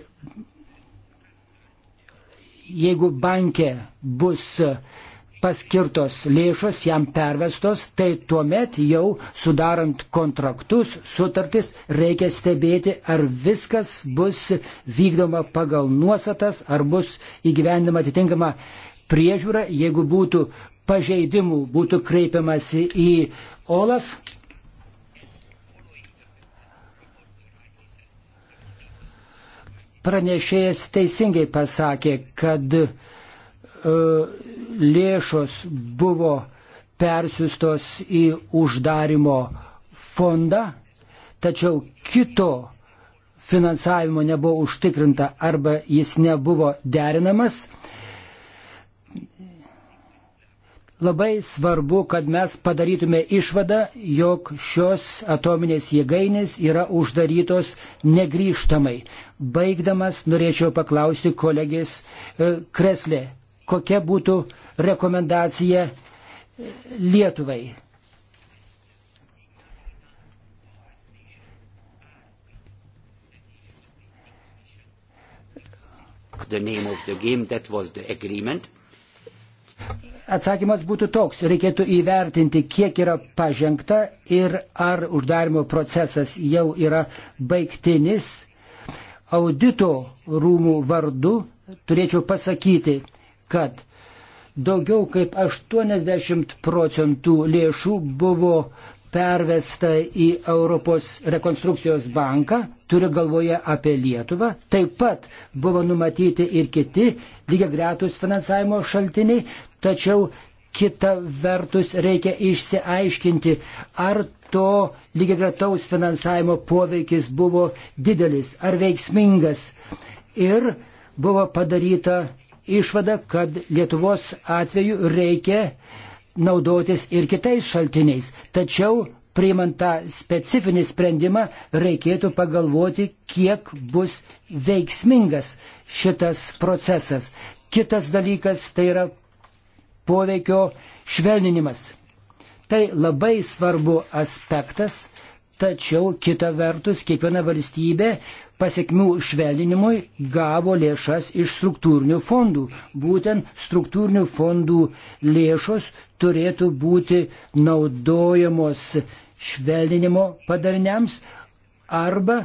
jeigu bankė bus uh, paskirtos lėšos jam pervestos, tai tuomet jau sudarant kontraktus, sutartis, reikia stebėti, ar viskas bus vykdoma pagal nuostatas, ar bus įgyvendama atitinkama priežiūra, jeigu būtų pažeidimų, būtų kreipiamasi į Olaf. Pranešėjas teisingai pasakė, kad uh, lėšos buvo persistos į uždarimo fondą, tačiau kito finansavimo nebuvo užtikrinta arba jis nebuvo derinamas. Labai svarbu, kad mes padarytume išvadą, jog šios atominės jėgainės yra uždarytos negryžtamai. Baigdamas norėčiau paklausti kolegės e, Kreslė, kokia būtų rekomendacija Lietuvai. Game, Atsakymas būtų toks, reikėtų įvertinti, kiek yra pažengta ir ar uždarimo procesas jau yra baigtinis. Audito rūmų vardu turėčiau pasakyti, kad daugiau kaip 80 procentų lėšų buvo pervesta į Europos rekonstrukcijos banką, turiu galvoje apie Lietuvą. Taip pat buvo numatyti ir kiti lygiai gretus finansavimo šaltiniai, tačiau kita vertus reikia išsiaiškinti, ar to lygiai gretaus finansavimo poveikis buvo didelis ar veiksmingas. Ir buvo padaryta išvadą, kad Lietuvos atveju reikia naudotis ir kitais šaltiniais. Tačiau priimant tą specifinį sprendimą reikėtų pagalvoti, kiek bus veiksmingas šitas procesas. Kitas dalykas tai yra poveikio švelninimas. Tai labai svarbu aspektas, tačiau kita vertus kiekviena valstybė pasiekmių švelninimui gavo lėšas iš struktūrinių fondų. Būtent struktūrinių fondų lėšos turėtų būti naudojamos švelninimo padariniams arba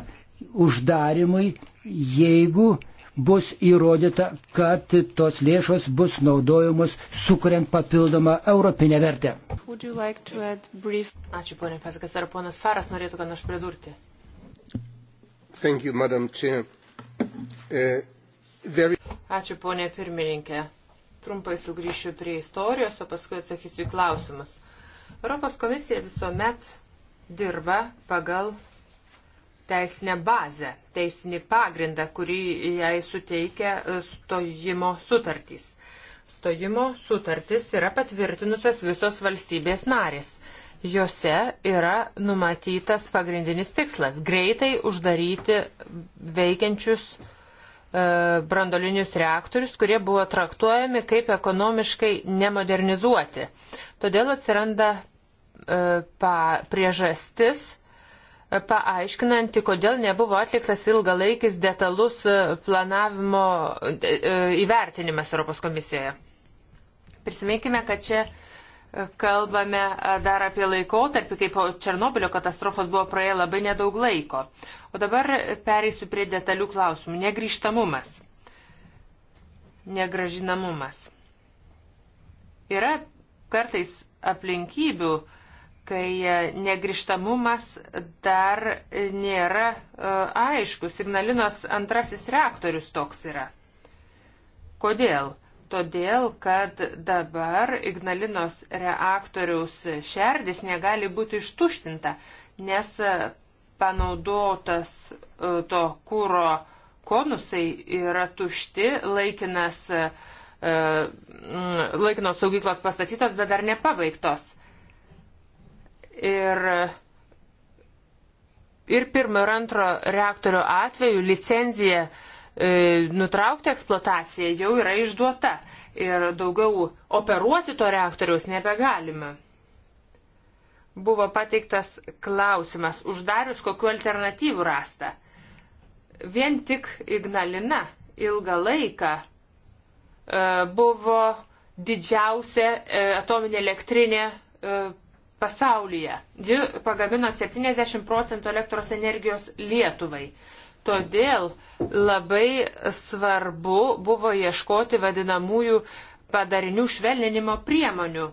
uždarimui, jeigu bus įrodyta, kad tos lėšos bus naudojamos, sukuriant papildomą europinę vertę. Like brief... Ačiū, ponė Fesakas. Ar ponas Faras norėtų ką nors pridurti? Thank you, Madam Chair. Uh, very... Ačiū, ponė pirmininkė. Trumpai sugrįšiu prie istorijos, o paskui atsakysiu į klausimus. Europos komisija visuomet dirba pagal teisinę bazę, teisinį pagrindą, kurį jai suteikia e, stojimo sutartys. Stojimo sutartys yra patvirtinusios visos valstybės narės. Jose yra numatytas pagrindinis tikslas - greitai uždaryti veikiančius e, brandolinius reaktorius, kurie buvo traktuojami kaip ekonomiškai nemodernizuoti. Todėl atsiranda e, pa, priežastis e, paaiškinanti, kodėl nebuvo atliktas ilgalaikis detalus planavimo įvertinimas Europos komisijoje. Prisiminkime, kad čia kalbame dar apie laikotarpį, kaip po Černobilio katastrofos buvo praėję labai nedaug laiko. O dabar pereisiu prie detalių klausimų. Negrįžtamumas. Negražinamumas. Yra kartais aplinkybių, kai e, negrįžtamumas dar nėra e, aišku. Signalinos antrasis reaktorius toks yra. Kodėl? todėl kad dabar Ignalinos reaktoriaus šerdis negali būti ištuštinta, nes panaudotas e, to kūro konusai yra tušti, laikinas, e, laikinos saugyklos pastatytos, bet dar nepabaigtos. Ir ir pirmo ir antro reaktorio atveju licenzija uh, E, nutraukti eksploataciją jau yra išduota ir daugiau operuoti to reaktoriaus nebegalima. Buvo pateiktas klausimas, uždarius kokiu alternatyvų rasta. Vien tik Ignalina ilgą laiką e, buvo didžiausia e, atominė elektrinė e, pasaulyje. Ji pagamino 70 procentų elektros energijos Lietuvai. E, Todėl labai svarbu buvo ieškoti vadinamųjų padarinių švelninimo priemonių,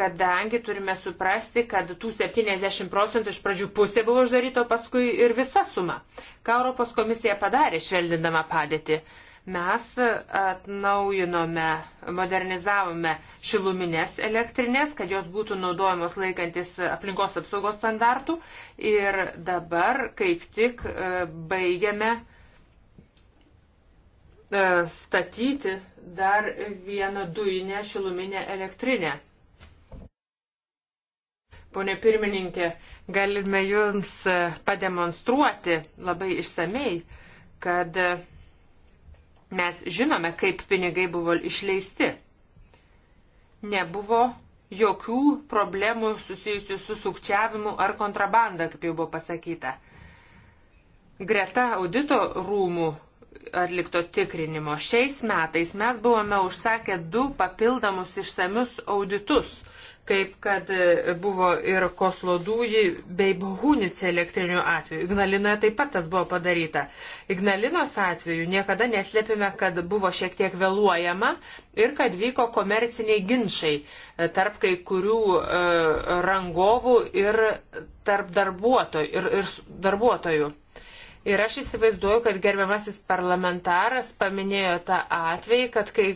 kadangi turime suprasti, kad tų 70 procentų iš pradžių pusė buvo uždaryto, paskui ir visa suma. Ką Europos komisija padarė švelnindama padėtį? Mes atnaujinome, modernizavome šiluminės elektrinės, kad jos būtų naudojamos laikantis aplinkos apsaugos standartų ir dabar kaip tik e, baigiame e, statyti dar vieną dujinę šiluminę elektrinę. Pone pirmininkė, galime jums pademonstruoti labai išsamei, kad Mes žinome, kaip pinigai buvo išleisti. Nebuvo jokių problemų susijusių su sukčiavimu ar kontrabanda, kaip jau buvo pasakyta. Greta audito rūmų atlikto tikrinimo šiais metais mes buvome užsakę du papildomus išsamius auditus kaip kad e, buvo ir Koslodųjį bei Bohunice elektrinių atveju. Ignalinoje taip pat tas buvo padaryta. Ignalinos atveju niekada neslėpime, kad buvo šiek tiek vėluojama ir kad vyko komerciniai ginčiai e, tarp kai kurių e, rangovų ir tarp darbuotojų. Ir, ir darbuotojų. Ir aš įsivaizduoju, kad gerbiamasis parlamentaras paminėjo tą atvejį, kad kai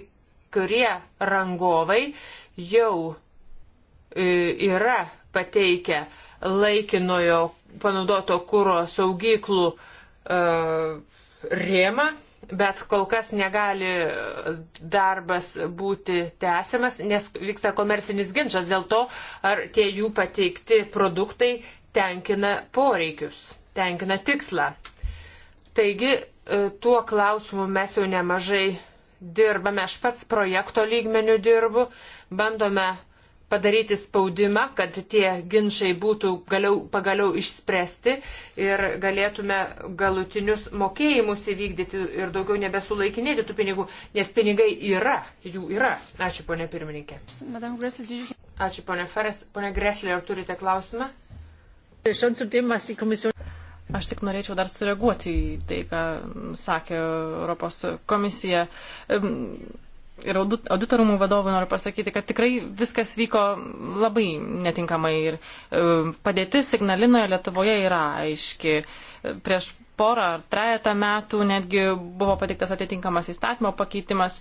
kurie rangovai jau E, yra pateikę laikinojo panaudoto kūro saugyklų e, rėmą, bet kol kas negali darbas būti tęsiamas, nes vyksta komercinis ginčas dėl to, ar tie jų pateikti produktai tenkina poreikius, tenkina tikslą. Taigi, e, tuo klausimu mes jau nemažai dirbame, aš pats projekto lygmenių dirbu, bandome padaryti spaudimą, kad tie ginčiai būtų galiau, pagaliau išspręsti ir galėtume galutinius mokėjimus įvykdyti ir daugiau nebesulaikinėti tų pinigų, nes pinigai yra, jų yra. Ačiū, ponė pirmininkė. Ačiū, ponė Feres. Ponė Greslė, ar turite klausimą? Aš tik norėčiau dar sureaguoti į tai, ką sakė Europos komisija ir auditorumų vadovui noriu pasakyti, kad tikrai viskas vyko labai netinkamai ir e, padėtis Signalinoje Lietuvoje yra aiški. Prieš porą ar trejata metų netgi buvo patiktas atitinkamas įstatymo pakeitimas,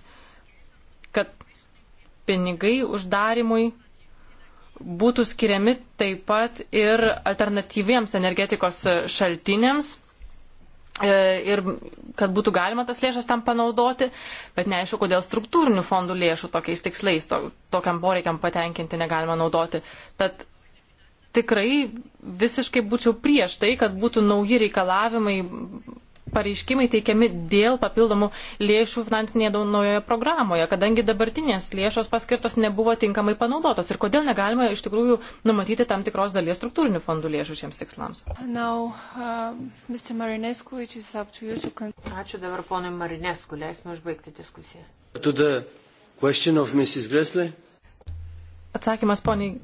kad pinigai uždarimui būtų skiriami taip pat ir alternatyviems energetikos šaltiniams E, ir kad būtų galima tas lėšas tam panaudoti, bet neaišku, kodėl struktūrinių fondų lėšų tokiais tikslais, to, tokiam poreikiam patenkinti negalima naudoti. Tad tikrai visiškai būčiau prieš tai, kad būtų nauji reikalavimai pareiškimai teikiami dėl papildomų lėšų finansinėje naujoje programoje, kadangi dabartinės lėšos paskirtos nebuvo tinkamai panaudotos. Ir kodėl negalima iš tikrųjų numatyti tam tikros dalies struktūrinių fondų lėšų šiems tikslams? Now, uh, you, can... Ačiū dabar ponui Marinesku, leisime užbaigti diskusiją. Atsakymas poniai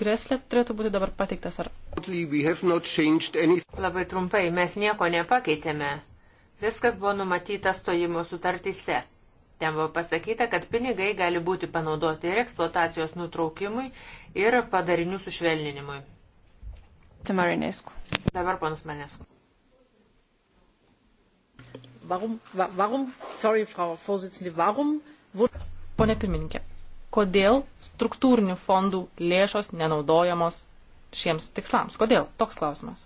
Kreslė turėtų būti dabar pateiktas ar. Labai trumpai, mes nieko nepakeitėme. Viskas buvo numatyta stojimo sutartyse. Ten buvo pasakyta, kad pinigai gali būti panaudoti ir eksploatacijos nutraukimui, ir padarinių sušvelninimui. Marinescu. Dabar ponas Marinescu. Varum, varum, sorry, Frau Vorsitzende, varum. Pone pirmininkė, kodėl struktūrinių fondų lėšos nenaudojamos šiems tikslams. Kodėl? Toks klausimas.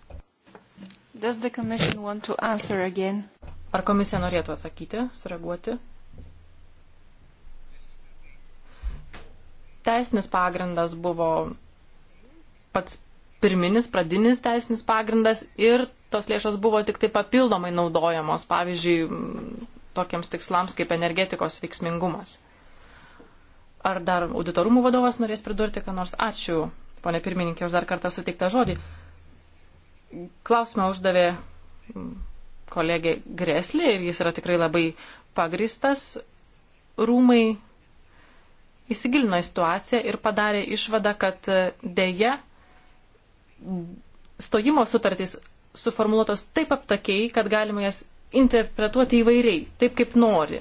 Ar komisija norėtų atsakyti, sureaguoti? Teisinis pagrindas buvo pats pirminis, pradinis teisinis pagrindas ir tos lėšos buvo tik tai papildomai naudojamos, pavyzdžiui, tokiems tikslams kaip energetikos veiksmingumas. Ar dar auditorumų vadovas norės pridurti, ką nors ačiū, ponė pirmininkė, už dar kartą suteiktą žodį. Klausimą uždavė kolegė Greslė ir jis yra tikrai labai pagristas. Rūmai įsigilino į situaciją ir padarė išvadą, kad e, dėja stojimo sutartys suformuoluotos taip aptakiai, kad galima jas interpretuoti įvairiai, taip kaip nori.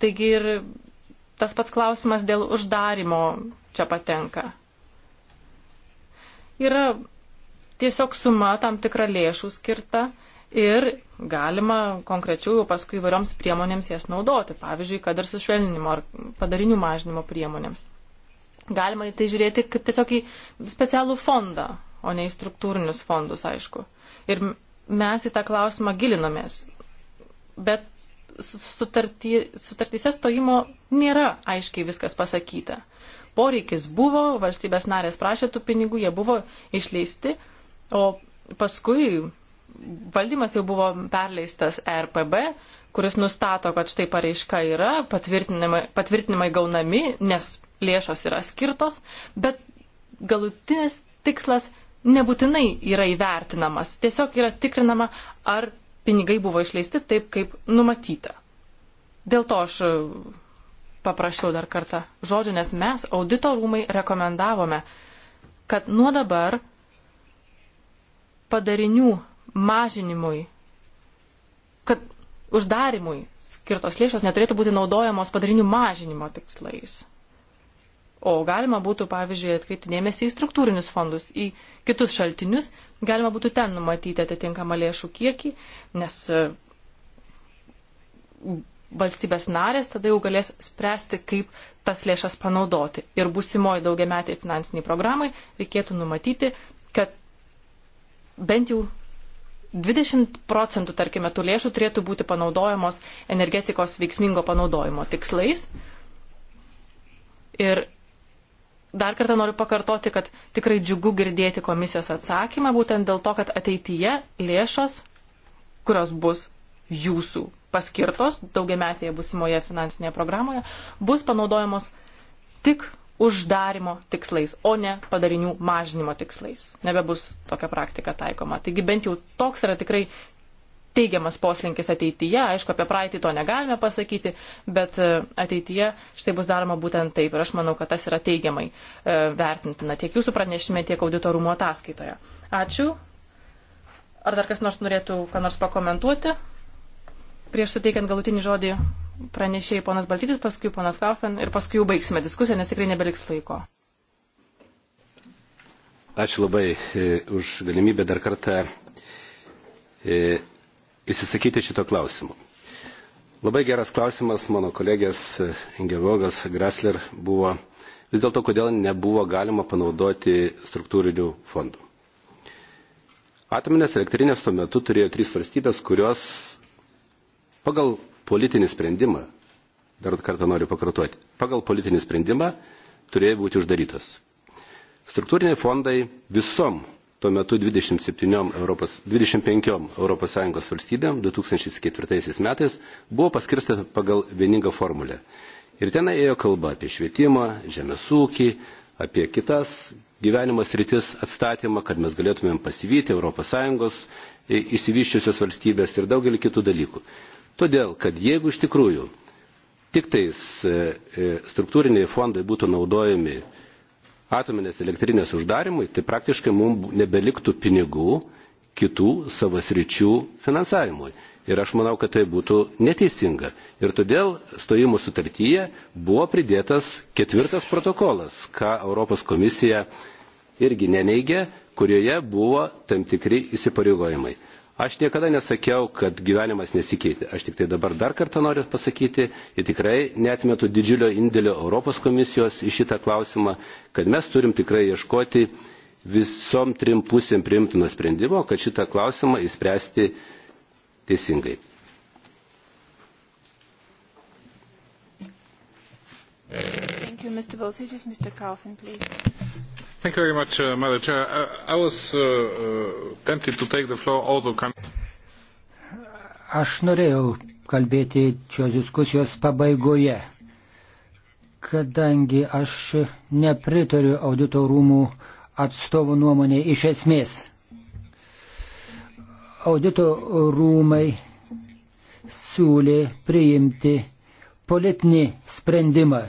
Taigi ir tas pats klausimas dėl uždarimo čia patenka. Yra tiesiog suma tam tikra lėšų skirta ir galima konkrečiau paskui įvairioms priemonėms jas naudoti, pavyzdžiui, kad ir sušvelninimo ar padarinių mažinimo priemonėms. Galima į tai žiūrėti kaip tiesiog į specialų fondą, o ne į struktūrinius fondus, aišku. Ir mes į tą klausimą gilinomės. Bet sutarty, sutartyse stojimo nėra aiškiai viskas pasakyta. Poreikis buvo, valstybės narės prašė tų pinigų, jie buvo išleisti, o paskui valdymas jau buvo perleistas ERPB, kuris nustato, kad štai pareiška yra, patvirtinimai, patvirtinimai gaunami, nes lėšos yra skirtos, bet galutinis tikslas nebūtinai yra įvertinamas. Tiesiog yra tikrinama, ar pinigai buvo išleisti taip, kaip numatyta. Dėl to aš e, paprašiau dar kartą žodžių, nes mes audito rūmai rekomendavome, kad nuo dabar padarinių mažinimui, kad uždarimui skirtos lėšos neturėtų būti naudojamos padarinių mažinimo tikslais. O galima būtų, pavyzdžiui, atkreipti dėmesį į struktūrinius fondus, į kitus šaltinius, galima būtų ten numatyti atitinkamą lėšų kiekį, nes e, valstybės narės tada jau galės spręsti, kaip tas lėšas panaudoti. Ir busimoji daugiametiai finansiniai programai reikėtų numatyti, kad bent jau 20 procentų, tarkime, tų lėšų turėtų būti panaudojamos energetikos veiksmingo panaudojimo tikslais. Ir dar kartą noriu pakartoti, kad tikrai džiugu girdėti komisijos atsakymą, būtent dėl to, kad ateityje lėšos, kurios bus jūsų paskirtos daugiametėje busimoje finansinėje programoje, bus panaudojamos tik uždarimo tikslais, o ne padarinių mažinimo tikslais. Nebebus tokia praktika taikoma. Taigi bent jau toks yra tikrai teigiamas poslinkis ateityje. Aišku, apie praeitį to negalime pasakyti, bet e, ateityje štai bus daroma būtent taip. Ir aš manau, kad tas yra teigiamai e, vertintina tiek jūsų pranešime, tiek auditorumo ataskaitoje. Ačiū. Ar dar kas nors norėtų ką nors pakomentuoti? Prieš suteikiant galutinį žodį pranešėjai ponas Baltytis, paskui ponas Kaufen ir paskui jau baigsime diskusiją, nes tikrai nebeliks laiko. Ačiū labai e, už galimybę dar kartą įsisakyti šito klausimu. Labai geras klausimas mano kolegės Ingevogas Grasler buvo vis dėlto, kodėl nebuvo galima panaudoti struktūrinių fondų. Atominės elektrinės tuo metu turėjo trys valstybės, kurios pagal politinį sprendimą, dar kartą noriu pakartoti, pagal politinį sprendimą turėjo būti uždarytos. Struktūriniai fondai visom tuo metu 27 Europos, 25 ES valstybėm 2004 metais buvo paskirsta pagal vieningą formulę. Ir ten ėjo kalba apie švietimą, žemės ūkį, apie kitas gyvenimo sritis atstatymą, kad mes galėtumėm pasivyti ES įsivyščiusios valstybės ir daugelį kitų dalykų. Todėl, kad jeigu iš tikrųjų tik tais e, e, struktūriniai fondai būtų naudojami atominės elektrinės uždarimui, tai praktiškai mums nebeliktų pinigų kitų savo sričių finansavimui. Ir aš manau, kad tai būtų neteisinga. Ir todėl stojimo sutartyje buvo pridėtas ketvirtas protokolas, ką Europos komisija irgi neneigia, kurioje buvo tam tikri įsipareigojimai. Aš niekada nesakiau, kad gyvenimas nesikeitė. Aš tik tai dabar dar kartą noriu pasakyti ir tikrai netmetu didžiulio indėlio Europos komisijos į šitą klausimą, kad mes turim tikrai ieškoti visom trim pusėm priimtino sprendimo, kad šitą klausimą įspręsti teisingai. Thank you, Mr. Balsitis. Mr. Kaufman, please. Thank you very much, uh, Madam Chair. Uh, I was uh, uh, tempted to take the floor although... Aš norėjau kalbėti šios diskusijos pabaigoje, kadangi aš nepritariu auditorumų atstovų nuomonė iš esmės. Audito rūmai siūlė priimti politinį sprendimą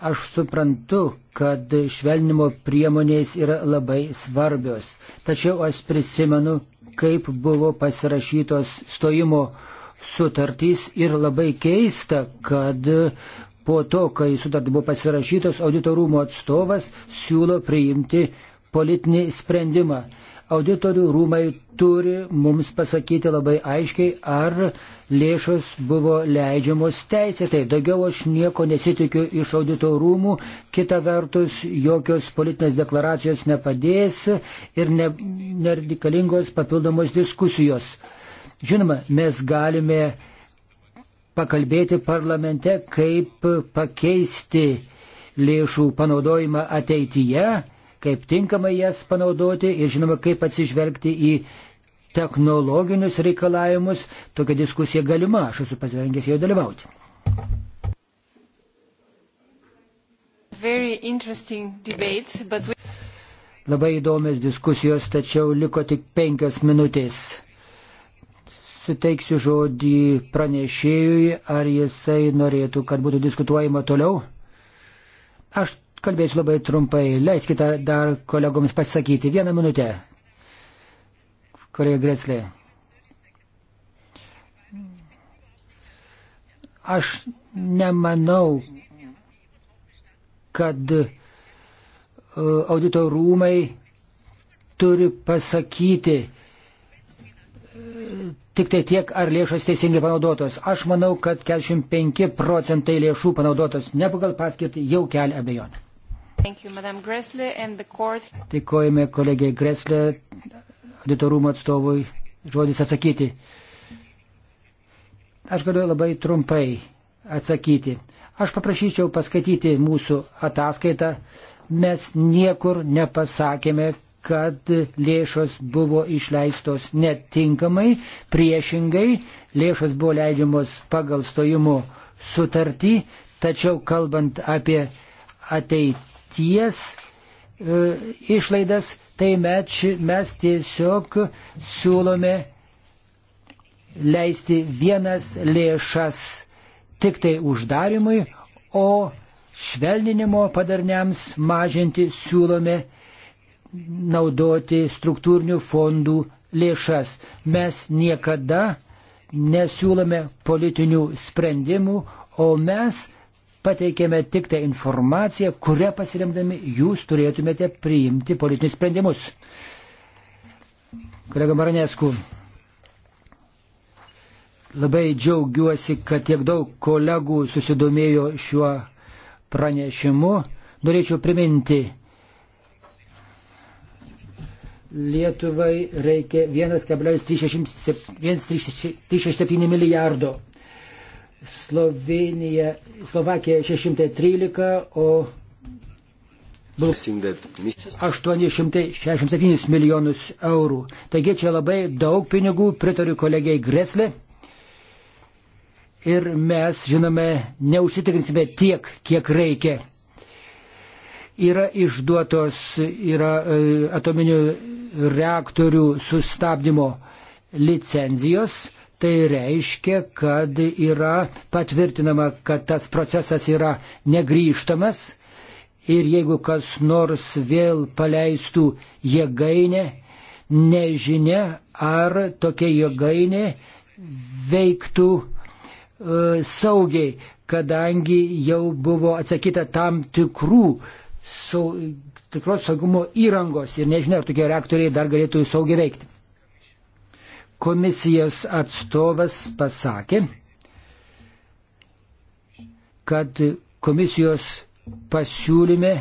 Aš suprantu, kad švelnimo priemonės yra labai svarbios, tačiau aš prisimenu, kaip buvo pasirašytos stojimo sutartys ir labai keista, kad po to, kai sutartys buvo pasirašytos, auditorumo atstovas siūlo priimti politinį sprendimą. Auditorių rūmai turi mums pasakyti labai aiškiai, ar lėšos buvo leidžiamos teisėtai. Daugiau aš nieko nesitikiu iš audito rūmų, kita vertus jokios politinės deklaracijos nepadės ir ne, neradikalingos papildomos diskusijos. Žinoma, mes galime pakalbėti parlamente, kaip pakeisti lėšų panaudojimą ateityje, kaip tinkamai jas panaudoti ir žinoma, kaip atsižvelgti į technologinius reikalavimus, tokia diskusija galima, aš esu pasirengęs joje dalyvauti. Debate, we... Labai įdomios diskusijos, tačiau liko tik penkios minutės. Suteiksiu žodį pranešėjui, ar jisai norėtų, kad būtų diskutuojama toliau. Aš kalbėsiu labai trumpai, leiskite dar kolegoms pasakyti vieną minutę. Kolega Greslė. Aš nemanau, kad e, audito rūmai turi pasakyti e, tik tai tiek, ar lėšos teisingai panaudotos. Aš manau, kad 45 procentai lėšų panaudotos ne pagal paskirtį jau kelia abejonę. Dėkojame court... kolegiai Greslė, auditorumo atstovui žodis atsakyti. Aš galiu labai trumpai atsakyti. Aš paprašyčiau paskaityti mūsų ataskaitą. Mes niekur nepasakėme, kad lėšos buvo išleistos netinkamai, priešingai, lėšos buvo leidžiamos pagal stojimo sutartį, tačiau kalbant apie ateities e, išlaidas, tai mes tiesiog siūlome leisti vienas lėšas tik tai uždarimui, o švelninimo padarniams mažinti siūlome naudoti struktūrinių fondų lėšas. Mes niekada nesiūlome politinių sprendimų, o mes pateikėme tik tai informaciją, kurią pasiremdami jūs turėtumėte priimti politinius sprendimus. Kolega Maranesku, labai džiaugiuosi, kad tiek daug kolegų susidomėjo šiuo pranešimu. Norėčiau priminti, Lietuvai reikia 1,367 milijardo Slovenija, Slovakija 613, o 867 milijonus eurų. Taigi čia labai daug pinigų, pritariu kolegiai Greslė. Ir mes, žinome, neužsitikrinsime tiek, kiek reikia. Yra išduotos, yra e, atominių reaktorių sustabdymo licenzijos Tai reiškia, kad yra patvirtinama, kad tas procesas yra negryžtamas ir jeigu kas nors vėl paleistų jėgainę, nežinia, ar tokia jėgainė veiktų e, saugiai, kadangi jau buvo atsakyta tam tikrų sau, tikros saugumo įrangos ir nežinia, ar tokie reaktoriai dar galėtų saugiai veikti komisijos atstovas pasakė, kad komisijos pasiūlyme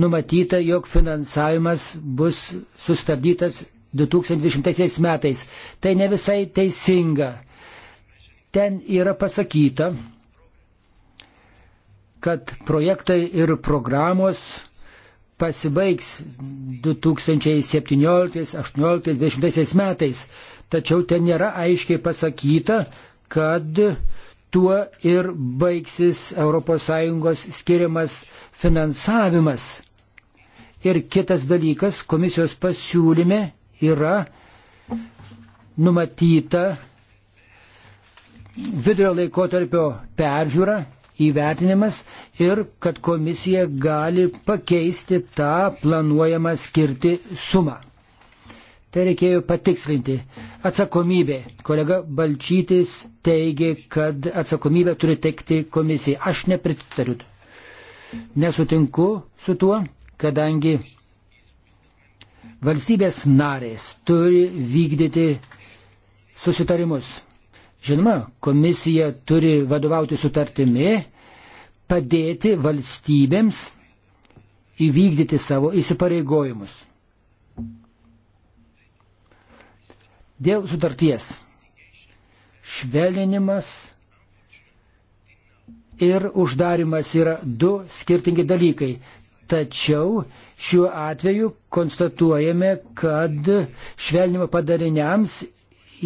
numatyta, jog finansavimas bus sustabdytas 2020 metais. Tai ne visai teisinga. Ten yra pasakyta, kad projektai ir programos pasibaigs 2017, 2018, 2020 metais tačiau ten nėra aiškiai pasakyta, kad tuo ir baigsis ES skiriamas finansavimas. Ir kitas dalykas, komisijos pasiūlyme yra numatyta vidurio laikotarpio peržiūra, įvertinimas ir kad komisija gali pakeisti tą planuojamą skirti sumą. Tai reikėjo patikslinti. Atsakomybė. Kolega Balčytis teigia, kad atsakomybė turi tekti komisijai. Aš nepritariu. Nesutinku su tuo, kadangi valstybės narės turi vykdyti susitarimus. Žinoma, komisija turi vadovauti sutartimi, padėti valstybėms įvykdyti savo įsipareigojimus. Dėl sutarties švelninimas ir uždarimas yra du skirtingi dalykai. Tačiau šiuo atveju konstatuojame, kad švelnimo padariniams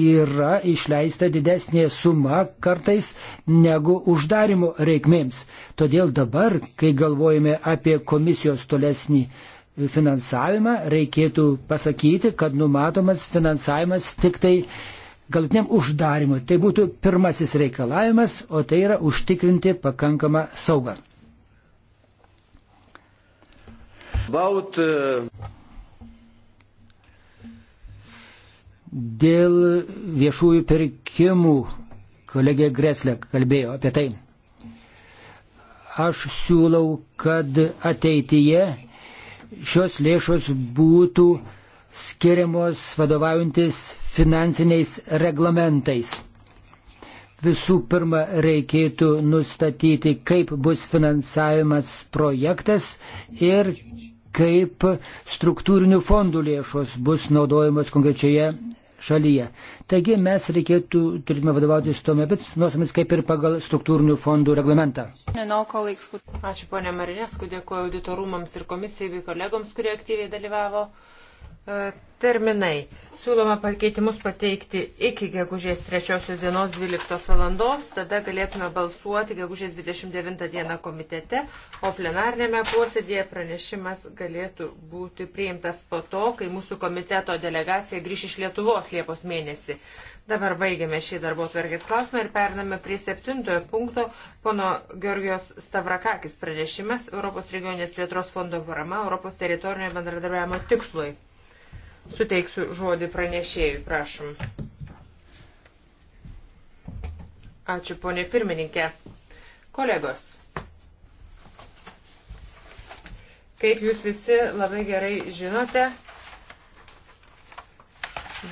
yra išleista didesnė suma kartais negu uždarimo reikmėms. Todėl dabar, kai galvojame apie komisijos tolesnį finansavimą, reikėtų pasakyti, kad numatomas finansavimas tik tai galutiniam uždarimui. Tai būtų pirmasis reikalavimas, o tai yra užtikrinti pakankamą saugą. About, uh... Dėl viešųjų pirkimų kolegė Greslė kalbėjo apie tai. Aš siūlau, kad ateityje šios lėšos būtų skiriamos vadovaujantis finansiniais reglamentais. Visų pirma, reikėtų nustatyti, kaip bus finansavimas projektas ir kaip struktūrinių fondų lėšos bus naudojamos konkrečioje šalyje. Taigi mes reikėtų, turime vadovautis tomis bet nuosomis kaip ir pagal struktūrinių fondų reglamentą. Ačiū ponė Marinėsku, dėkuoju auditorumams ir komisijai bei kolegoms, kurie aktyviai dalyvavo. E, terminai. Siūloma pakeitimus pateikti iki gegužės 3 dienos 12 valandos, tada galėtume balsuoti gegužės 29 dieną komitete, o plenarnėme posėdėje pranešimas galėtų būti priimtas po to, kai mūsų komiteto delegacija grįž iš Lietuvos Liepos mėnesį. Dabar baigiame šį darbo tvarkės klausimą ir pername prie septintojo punkto pono Georgijos Stavrakakis pranešimas Europos regioninės plėtros fondo parama Europos teritorinio bendradarbiavimo tikslui. Suteiksiu žodį pranešėjui, prašom. Ačiū, ponė pirmininkė. Kolegos, kaip jūs visi labai gerai žinote,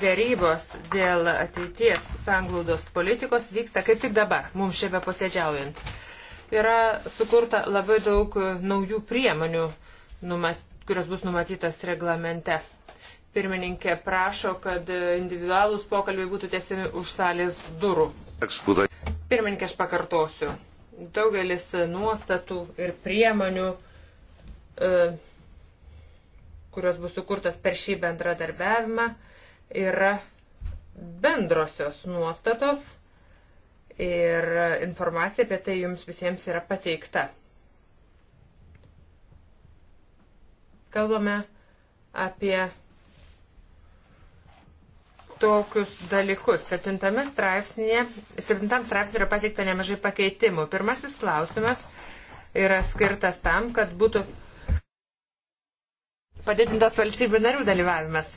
dėrybos dėl ateities sanglaudos politikos vyksta kaip tik dabar, mums šiame posėdžiaujant. Yra sukurta labai daug naujų priemonių, kurios bus numatytos reglamente. Pirmininkė prašo, kad individualūs pokalbiai būtų tiesiami už salės durų. Pirmininkė, aš pakartosiu. Daugelis nuostatų ir priemonių, e, kurios bus sukurtas per šį bendradarbiavimą, yra bendrosios nuostatos ir informacija apie tai jums visiems yra pateikta. Kalbame apie tokius dalykus. Septintame straipsnėje, septintam straipsnėje yra pateikta nemažai pakeitimų. Pirmasis klausimas yra skirtas tam, kad būtų padidintas valstybių narių dalyvavimas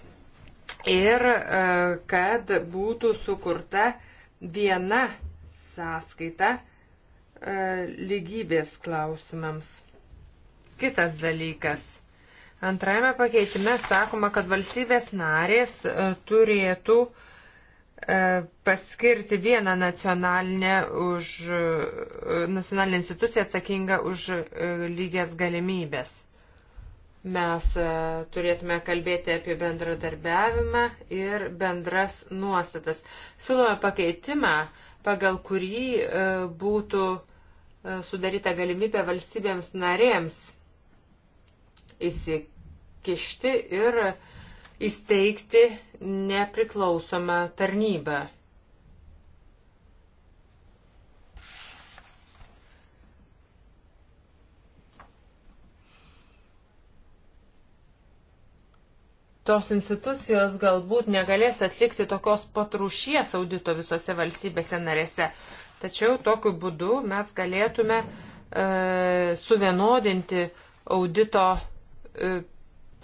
ir e, kad būtų sukurta viena sąskaita e, lygybės klausimams. Kitas dalykas Antrajame pakeitime sakoma, kad valstybės narės e, turėtų e, paskirti vieną nacionalinę, už, e, nacionalinę instituciją atsakingą už lygias galimybės. Mes turėtume kalbėti apie bendradarbiavimą ir bendras nuostatas. Siūlome pakeitimą, pagal kurį būtų sudaryta galimybė valstybėms narėms įsikišti ir įsteigti nepriklausomą tarnybą. tos institucijos galbūt negalės atlikti tokios patrušies audito visose valstybėse narėse. Tačiau tokiu būdu mes galėtume e, suvienodinti audito E,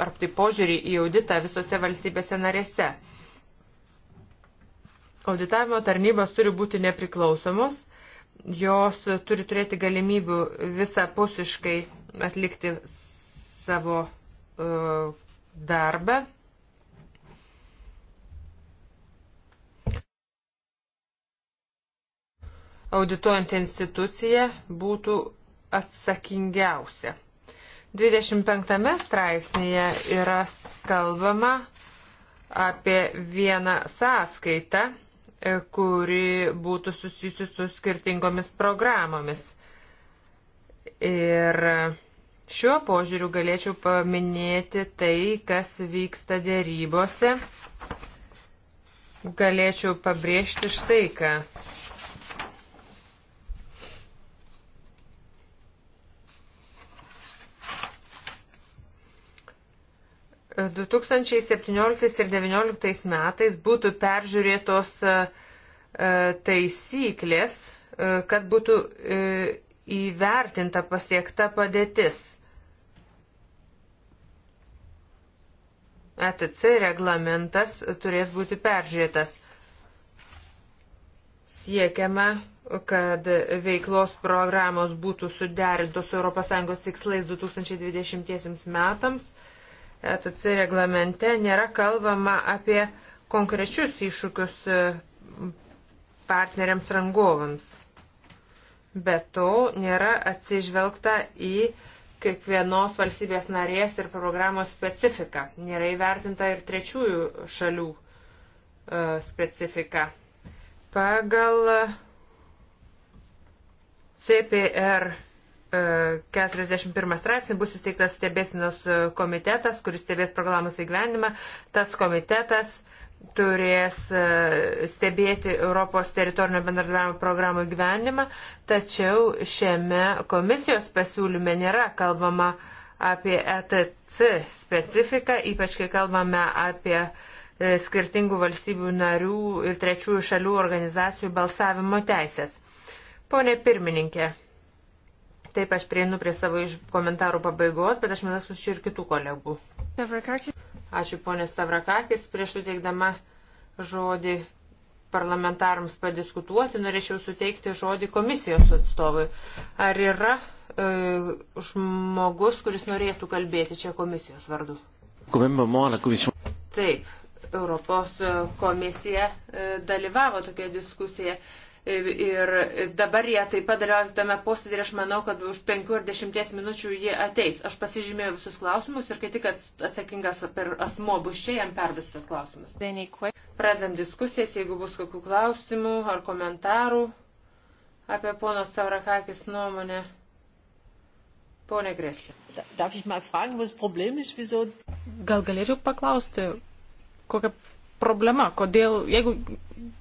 ar tai požiūrį į auditą visose valstybėse narėse. Auditavimo tarnybos turi būti nepriklausomos, jos turi turėti galimybių visapusiškai atlikti savo uh, darbą. Audituojant instituciją būtų atsakingiausia 25 straipsnėje yra kalbama apie vieną sąskaitą, e, kuri būtų susijusi su skirtingomis programomis. Ir šiuo požiūriu galėčiau paminėti tai, kas vyksta dėrybose. Galėčiau pabrėžti štai ką. 2017 ir 2019 metais būtų peržiūrėtos e, e, taisyklės, e, kad būtų įvertinta pasiekta padėtis. ETC reglamentas turės būti peržiūrėtas. Siekiama, kad veiklos programos būtų suderintos su ES tikslais 2020 metams ETC reglamente nėra kalbama apie konkrečius iššūkius e, partneriams rangovams. Be to nėra atsižvelgta į kiekvienos valstybės narės ir programos specifiką. Nėra įvertinta ir trečiųjų šalių e, specifika. Pagal CPR 41 straipsnį bus įsteigtas stebėsinos e, komitetas, kuris stebės programos įgyvenimą. Tas komitetas turės e, stebėti Europos teritorinio bendradarbiavimo programų gyvenimą, tačiau šiame komisijos pasiūlyme nėra kalbama apie ETC specifiką, ypač kai kalbame apie e, skirtingų valstybių narių ir trečiųjų šalių organizacijų balsavimo teisės. Pone pirmininkė, Taip aš prieinu prie savo iš komentarų pabaigos, bet aš manau, sušiu ir kitų kolegų. Ačiū ponė Savrakakis. Prieš suteikdama žodį parlamentarams padiskutuoti, norėčiau suteikti žodį komisijos atstovui. Ar yra e, žmogus, kuris norėtų kalbėti čia komisijos vardu? Taip, Europos e, komisija e, dalyvavo tokia diskusija Ir dabar jie taip pat dalyvauja tame posėdėje ir aš manau, kad už 5 ar 10 minučių jie ateis. Aš pasižymėjau visus klausimus ir kai tik atsakingas asmo bus čia, jam perduosiu tuos klausimus. Pradedam diskusijas, jeigu bus kokių klausimų ar komentarų apie pono Saurakakis nuomonę. Pone Greslė. Gal galėčiau paklausti, kokia problema, kodėl, jeigu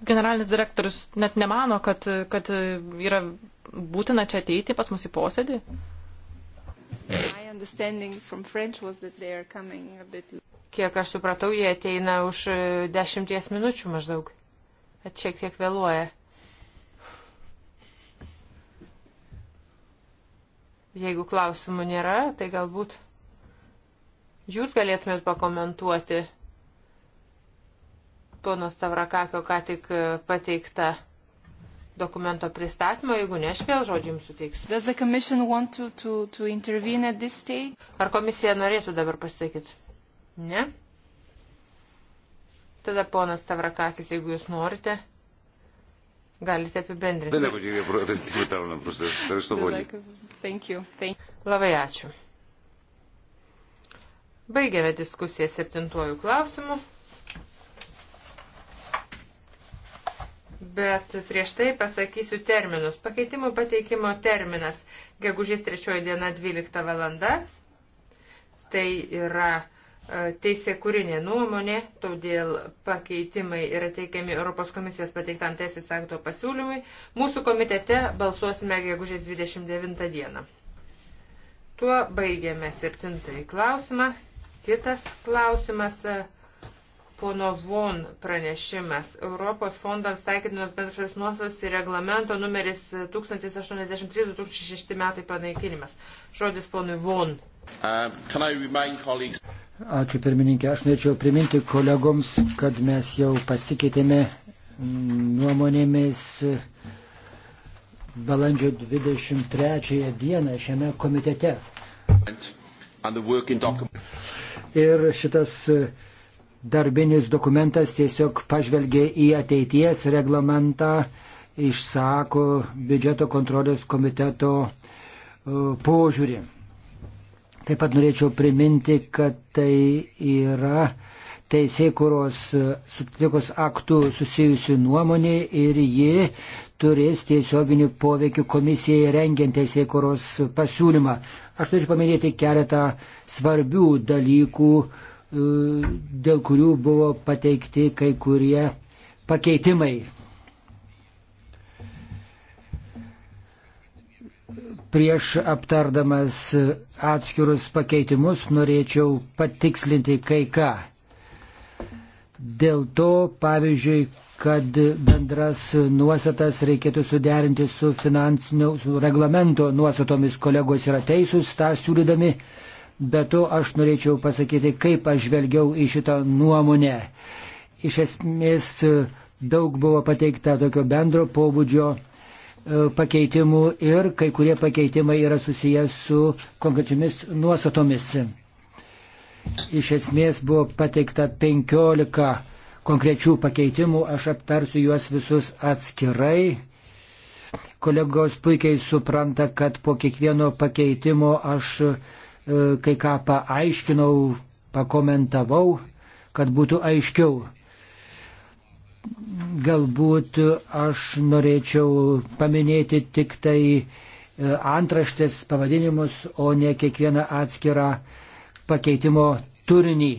generalinis direktorius net nemano, kad, kad yra būtina čia ateiti pas mus į posėdį? Bit... Kiek aš supratau, jie ateina už e, dešimties minučių maždaug. Bet šiek tiek vėluoja. Jeigu klausimų nėra, tai galbūt jūs galėtumėt pakomentuoti pono Stavrakakio ką tik e, pateiktą dokumento pristatymą, jeigu ne, aš vėl žodį jums suteiksiu. To, to Ar komisija norėtų dabar pasakyti? Ne? Tada ponas Stavrakakis, jeigu jūs norite, galite apibendrinti. Thank you. Thank you. Labai ačiū. Baigėme diskusiją septintuoju klausimu. bet prieš tai pasakysiu terminus. Pakeitimų pateikimo terminas gegužės 3 diena 12 valanda. Tai yra e, teisė kūrinė nuomonė, todėl pakeitimai yra teikiami Europos komisijos pateiktam teisės akto pasiūlymui. Mūsų komitete balsuosime gegužės 29 dieną. Tuo baigiame septintąjį klausimą. Kitas klausimas. E, pono Von pranešimas. Europos fondams taikytinos bendrosios nuostatos ir reglamento numeris 1083-2006 metai panaikinimas. Žodis ponui Von. Ačiū pirmininkė, aš norėčiau priminti kolegoms, kad mes jau pasikeitėme nuomonėmis balandžio 23 dieną šiame komitete. Ir šitas uh, darbinis dokumentas tiesiog pažvelgia į ateities reglamentą, išsako biudžeto kontrolės komiteto e, požiūrį. Taip pat norėčiau priminti, kad tai yra teisėkuros e, sutikus aktų susijusi nuomonė ir ji turės tiesioginių poveikių komisijai rengiant teisėkuros pasiūlymą. Aš norėčiau paminėti keletą svarbių dalykų, dėl kurių buvo pateikti kai kurie pakeitimai. Prieš aptardamas atskirus pakeitimus norėčiau patikslinti kai ką. Dėl to, pavyzdžiui, kad bendras nuostatas reikėtų suderinti su finansinio su reglamento nuostatomis, kolegos yra teisūs tą siūlydami, Be to aš norėčiau pasakyti, kaip aš žvelgiau į šitą nuomonę. Iš esmės daug buvo pateikta tokio bendro pobūdžio e, pakeitimų ir kai kurie pakeitimai yra susijęs su konkrečiamis nuostatomis. Iš esmės buvo pateikta 15 konkrečių pakeitimų, aš aptarsiu juos visus atskirai. Kolegos puikiai supranta, kad po kiekvieno pakeitimo aš E, kai ką paaiškinau, pakomentavau, kad būtų aiškiau. Galbūt aš norėčiau paminėti tik tai e, antraštės pavadinimus, o ne kiekvieną atskirą pakeitimo turinį.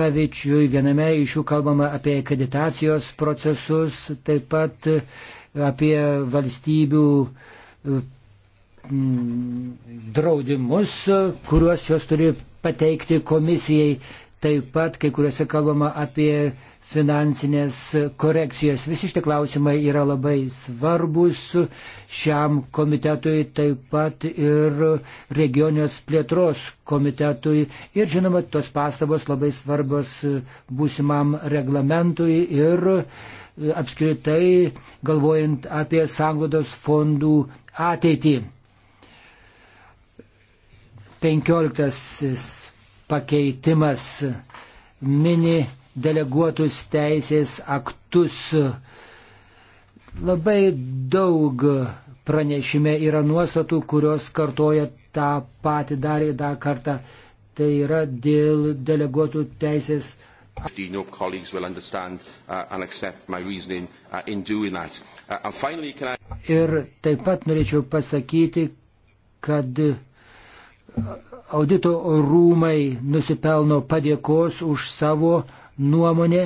Pavyzdžiui, viename iš jų kalbama apie akreditacijos procesus, taip pat apie valstybių e, Mm, draudimus, kuriuos jos turi pateikti komisijai. Taip pat kai kuriuose kalbama apie finansinės korekcijas. Visi šitie klausimai yra labai svarbus šiam komitetui, taip pat ir regionės plėtros komitetui. Ir žinoma, tos pastabos labai svarbios būsimam reglamentui ir apskritai galvojant apie sanglodos fondų ateitį. Penkioliktasis pakeitimas mini deleguotus teisės aktus. Labai daug pranešime yra nuostatų, kurios kartoja tą patį dar ir dar kartą. Tai yra dėl deleguotų teisės. No colleagues will understand uh, and accept my reasoning uh, in doing that. Uh, and finally, can I... Ir taip pat norėčiau pasakyti, kad uh, audito rūmai nusipelno padėkos už savo nuomonę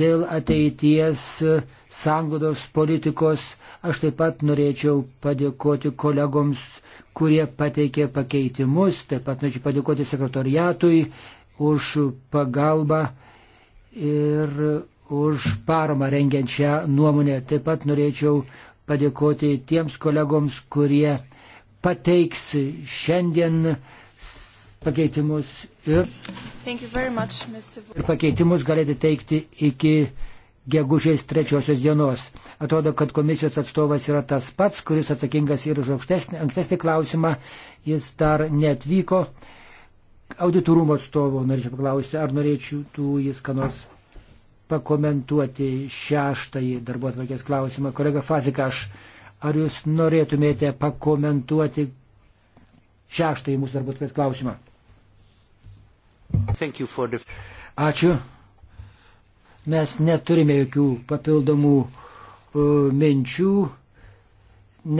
dėl ateities sanglodos politikos. Aš taip pat norėčiau padėkoti kolegoms, kurie pateikė pakeitimus, taip pat norėčiau padėkoti sekretoriatui už pagalbą ir už paramą rengiančią nuomonę. Taip pat norėčiau padėkoti tiems kolegoms, kurie pateiks šiandien pakeitimus ir, much, ir pakeitimus galite teikti iki gegužės trečiosios dienos. Atrodo, kad komisijos atstovas yra tas pats, kuris atsakingas ir už ankstesnį klausimą, jis dar netvyko. Auditorumo atstovo norėčiau paklausti, ar norėčiau tu jis ką nors pakomentuoti šeštąjį darbo atvarkės klausimą. Kolega Fazika, aš Ar jūs norėtumėte pakomentuoti šeštąjį mūsų darbo tvės klausimą? The... Ačiū. Mes neturime jokių papildomų uh, minčių,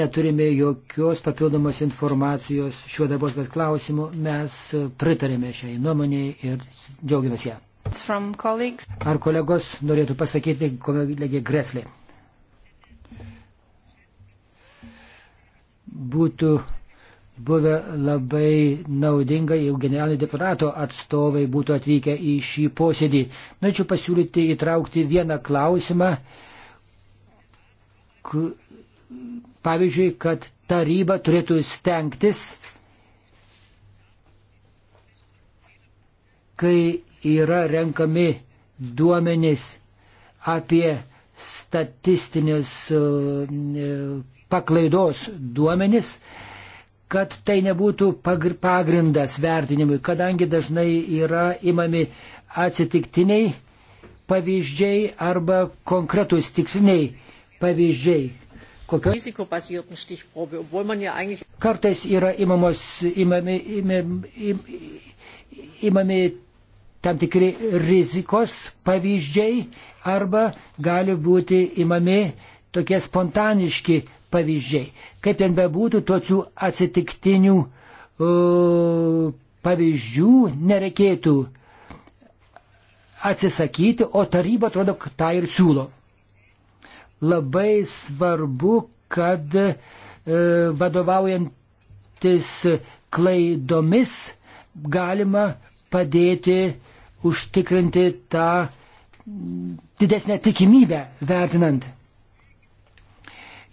neturime jokios papildomos informacijos šiuo darbo tvės klausimu. Mes pritarėme šiai nuomonėje ir džiaugiamės ją. Ar kolegos norėtų pasakyti kolegė Greslė? būtų buvę labai naudinga, jeigu generalinio deklarato atstovai būtų atvykę į šį posėdį. Norėčiau nu, pasiūlyti įtraukti vieną klausimą, pavyzdžiui, kad taryba turėtų stengtis, kai yra renkami duomenys apie statistinius e, paklaidos duomenis, kad tai nebūtų pagrindas vertinimui, kadangi dažnai yra imami atsitiktiniai pavyzdžiai arba konkretus tiksliniai pavyzdžiai. Kokios... Kartais yra imamos, imami, imami, im, imami tam tikri rizikos pavyzdžiai arba gali būti imami tokie spontaniški pavyzdžiai. Kaip ten bebūtų, tokių atsitiktinių uh, e, pavyzdžių nereikėtų atsisakyti, o taryba atrodo, kad tą ir siūlo. Labai svarbu, kad e, vadovaujantis klaidomis galima padėti užtikrinti tą didesnę tikimybę vertinant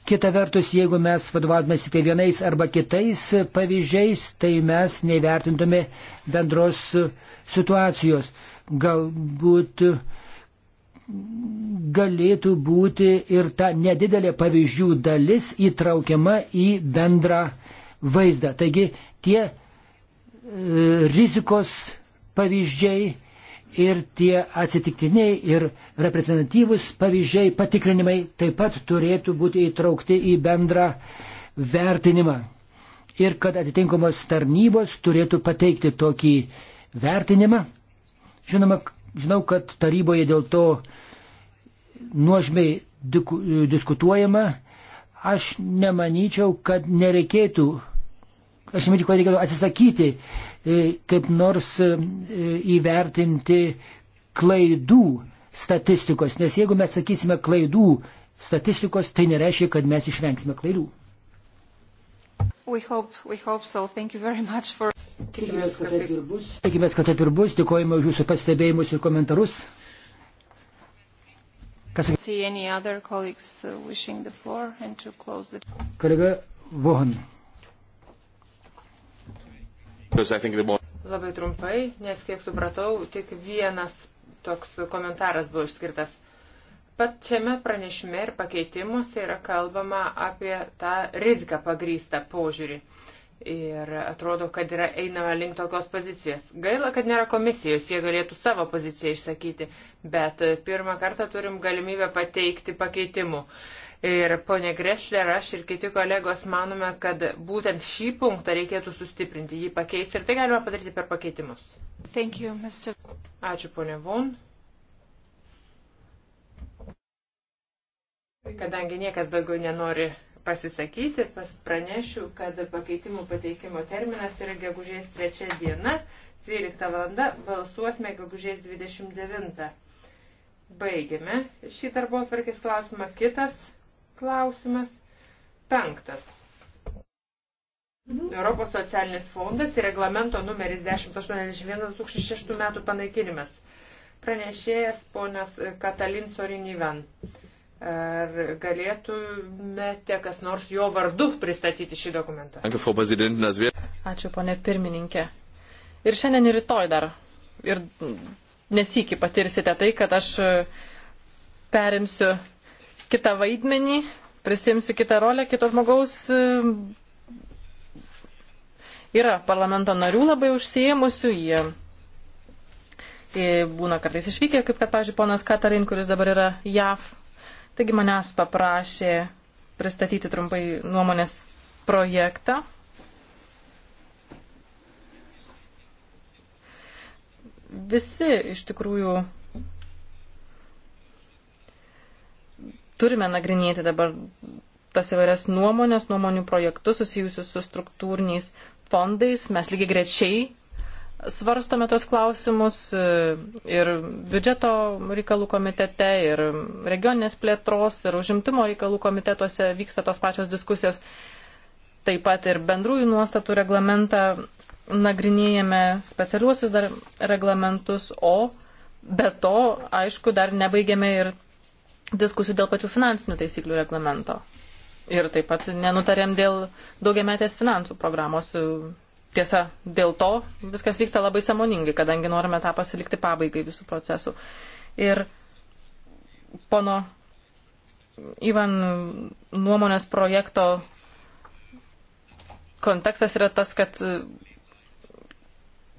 Kita vertus, jeigu mes vadovautume tik vienais arba kitais pavyzdžiais, tai mes nevertintume bendros situacijos. Galbūt galėtų būti ir ta nedidelė pavyzdžių dalis įtraukiama į bendrą vaizdą. Taigi tie e, rizikos pavyzdžiai ir tie atsitiktiniai ir reprezentatyvūs pavyzdžiai, patikrinimai taip pat turėtų būti įtraukti į bendrą vertinimą. Ir kad atitinkamos tarnybos turėtų pateikti tokį vertinimą. Žinoma, žinau, kad taryboje dėl to nuožmiai diskutuojama. Aš nemanyčiau, kad nereikėtų aš manyčiau, kad reikėtų atsisakyti e, kaip nors e, įvertinti klaidų statistikos, nes jeigu mes sakysime klaidų statistikos, tai nereiškia, kad mes išvengsime klaidų. We hope, we hope so. for... Tikimės, kad taip ir bus. Tikimės, kad taip ir bus. Dėkojame už jūsų pastebėjimus ir komentarus. Kas... Uh, Kolega Vohan. Labai trumpai, nes kiek supratau, tik vienas toks komentaras buvo išskirtas. Pačiame pranešime ir pakeitimuose yra kalbama apie tą riziką pagrystą požiūrį. Ir atrodo, kad yra einama link tokios pozicijos. Gaila, kad nėra komisijos, jie galėtų savo poziciją išsakyti, bet pirmą kartą turim galimybę pateikti pakeitimų. Ir ponė Grešler, aš ir kiti kolegos manome, kad būtent šį punktą reikėtų sustiprinti, jį pakeisti ir tai galima padaryti per pakeitimus. Thank you, Mr. Ačiū, ponė Von. Kadangi niekas daugiau nenori pasisakyti, pranešiu, kad pakeitimų pateikimo terminas yra gegužės 3 diena, 12 val. balsuosime gegužės 29. Baigėme šį darbo atvarkės klausimą. Kitas klausimas. Penktas. Europos socialinis fondas ir reglamento numeris 1081-2006 metų panaikinimas. Pranešėjas ponas Katalin Sorinivan. Ar galėtumėte kas nors jo vardu pristatyti šį dokumentą? Ačiū, ponė pirmininkė. Ir šiandien ir rytoj dar. Ir nesikį patirsite tai, kad aš e, perimsiu kitą vaidmenį, prisimsiu kitą rolę, kito žmogaus. E, yra parlamento narių labai užsiemusių, jie e, būna kartais išvykę, kaip kad, pavyzdžiui, ponas Katarin, kuris dabar yra JAV. Taigi manęs paprašė pristatyti trumpai nuomonės projektą. Visi iš tikrųjų turime nagrinėti dabar tas įvairias nuomonės, nuomonių projektus susijusius su struktūriniais fondais. Mes lygiai grečiai svarstome tos klausimus e, ir biudžeto reikalų komitete, ir regioninės plėtros, ir užimtumo reikalų komitetuose vyksta tos pačios diskusijos. Taip pat ir bendrųjų nuostatų reglamentą nagrinėjame specialiuosius dar reglamentus, o be to, aišku, dar nebaigėme ir diskusijų dėl pačių finansinių taisyklių reglamento. Ir taip pat nenutarėm dėl daugiametės finansų programos. Tiesa, dėl to viskas vyksta labai samoningai, kadangi norime tą pasilikti pabaigai visų procesų. Ir pono Ivan nuomonės projekto kontekstas yra tas, kad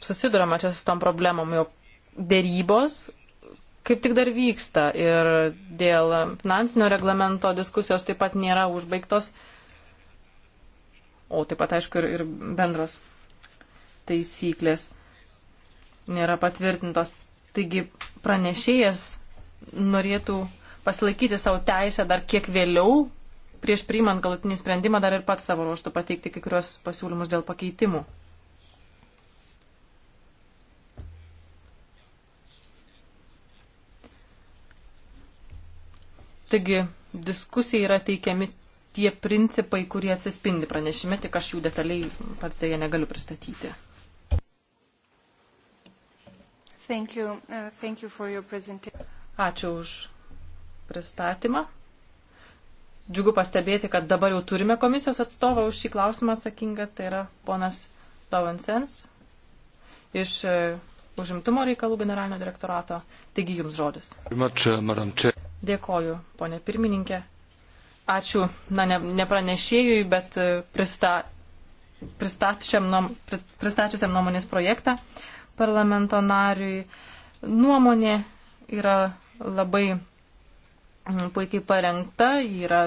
susidurama čia su tom problemom, jog dėrybos kaip tik dar vyksta ir dėl finansinio reglamento diskusijos taip pat nėra užbaigtos, o taip pat aišku ir, ir bendros taisyklės nėra patvirtintos. Taigi pranešėjas norėtų pasilaikyti savo teisę dar kiek vėliau, prieš priimant galutinį sprendimą, dar ir pat savo ruoštų pateikti kai kurios pasiūlymus dėl pakeitimų. Taigi diskusija yra teikiami tie principai, kurie atsispindi pranešime, tik aš jų detaliai pats dėja negaliu pristatyti. Thank you. Uh, thank you for your Ačiū už pristatymą. Džiugu pastebėti, kad dabar jau turime komisijos atstovą už šį klausimą atsakingą, tai yra ponas Lovensens iš uh, Užimtumo reikalų generalinio direktorato. Taigi jums žodis. Much, uh, Dėkoju, ponė pirmininkė. Ačiū, na, ne, ne pranešėjui, bet e, prista, nom, pristačiusiam nuomonės projektą parlamento nariui. Nuomonė yra labai puikiai parengta, yra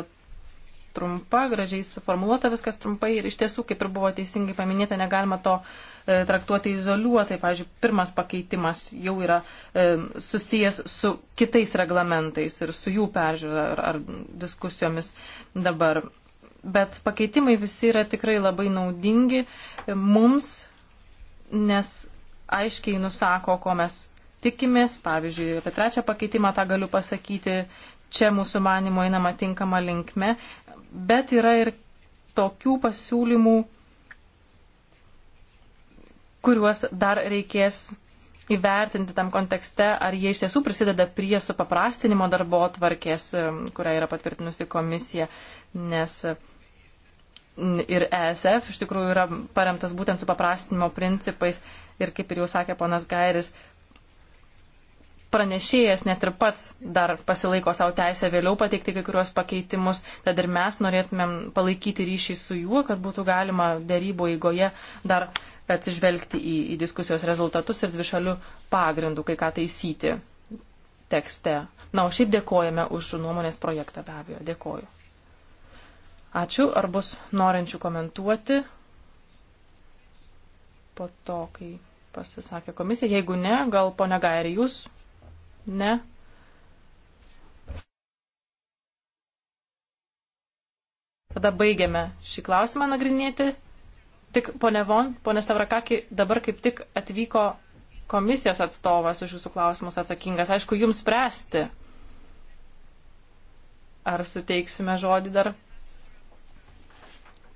trumpa, gražiai suformuoluota viskas trumpai ir iš tiesų, kaip ir buvo teisingai paminėta, negalima to e, traktuoti izoliuotai. Pavyzdžiui, pirmas pakeitimas jau yra e, susijęs su kitais reglamentais ir su jų peržiūra ar, ar diskusijomis dabar. Bet pakeitimai visi yra tikrai labai naudingi mums, nes aiškiai nusako, ko mes tikimės. Pavyzdžiui, apie trečią pakeitimą tą galiu pasakyti. Čia mūsų manimo einama tinkama linkme, bet yra ir tokių pasiūlymų, kuriuos dar reikės įvertinti tam kontekste, ar jie iš tiesų prisideda prie supaprastinimo darbo atvarkės, kurią yra patvirtinusi komisija, nes ir ESF iš tikrųjų yra paremtas būtent supaprastinimo principais ir kaip ir jau sakė ponas Gairis, pranešėjas net ir pats dar pasilaiko savo teisę vėliau pateikti kai kuriuos pakeitimus, tad ir mes norėtumėm palaikyti ryšį su juo, kad būtų galima dėrybų eigoje dar atsižvelgti į, į diskusijos rezultatus ir dvišalių pagrindų, kai ką taisyti tekste. Na, o šiaip dėkojame už nuomonės projektą, be abejo, dėkoju. Ačiū, ar bus norinčių komentuoti po to, kai pasisakė komisija. Jeigu ne, gal ponia Gairi, jūs Ne. Tada baigiame šį klausimą nagrinėti. Tik ponė Von, ponė Stavrakaki, dabar kaip tik atvyko komisijos atstovas už jūsų klausimus atsakingas. Aišku, jums spręsti. Ar suteiksime žodį dar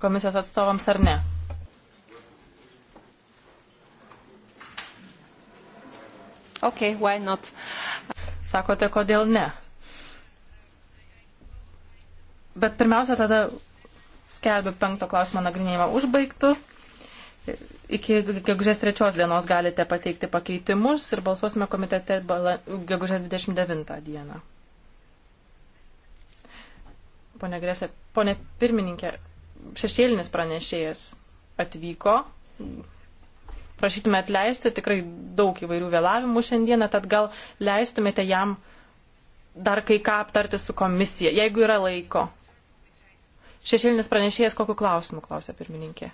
komisijos atstovams ar ne? Okay, why not? Sakote, kodėl ne? Bet pirmiausia, tada skelbiu penkto klausimo nagrinėjimą užbaigtų. Iki gegužės trečios dienos galite pateikti pakeitimus ir balsuosime komitete gegužės 29 dieną. Pone Grėsė, pone pirmininkė, šešėlinis pranešėjas atvyko, prašytume atleisti, tikrai daug įvairių vėlavimų šiandieną, tad gal leistumėte jam dar kai ką aptarti su komisija, jeigu yra laiko. Šešėlinis pranešėjas, kokiu klausimu klausė pirmininkė?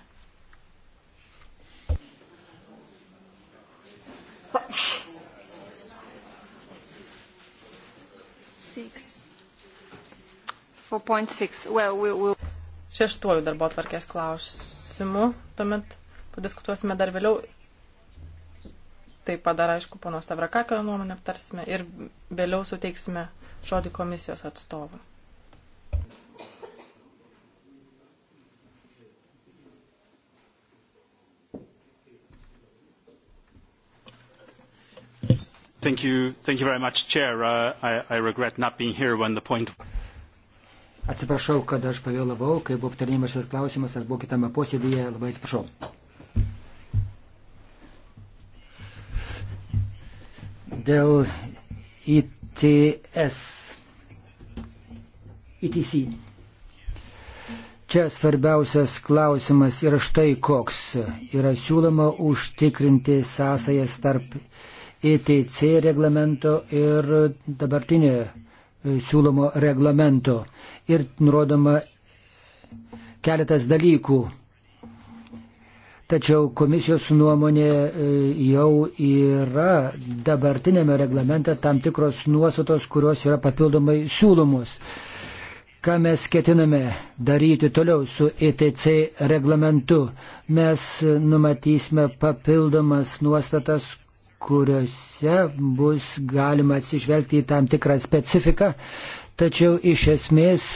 Well, we, we... Šeštuoju darbo atvarkės klausimu, tuomet padiskutuosime dar vėliau. Taip pat dar, aišku, pono Stavrakakio nuomonę aptarsime ir vėliau suteiksime žodį komisijos atstovui. Thank you. Thank you very much, Chair. Uh, I, I regret not being here when the point. Atsiprašau, kad aš pavėlavau, kai buvo aptarnimas šis klausimas, aš buvau kitame posėdėje, labai atsiprašau. dėl ITS. ITC. Čia svarbiausias klausimas yra štai koks. Yra siūloma užtikrinti sąsajas tarp ETC reglamento ir dabartinio e, siūlomo reglamento. Ir nurodoma keletas dalykų Tačiau komisijos nuomonė e, jau yra dabartinėme reglamente tam tikros nuostatos, kurios yra papildomai siūlomos. Ką mes ketiname daryti toliau su ETC reglamentu? Mes numatysime papildomas nuostatas, kuriuose bus galima atsižvelgti į tam tikrą specifiką, tačiau iš esmės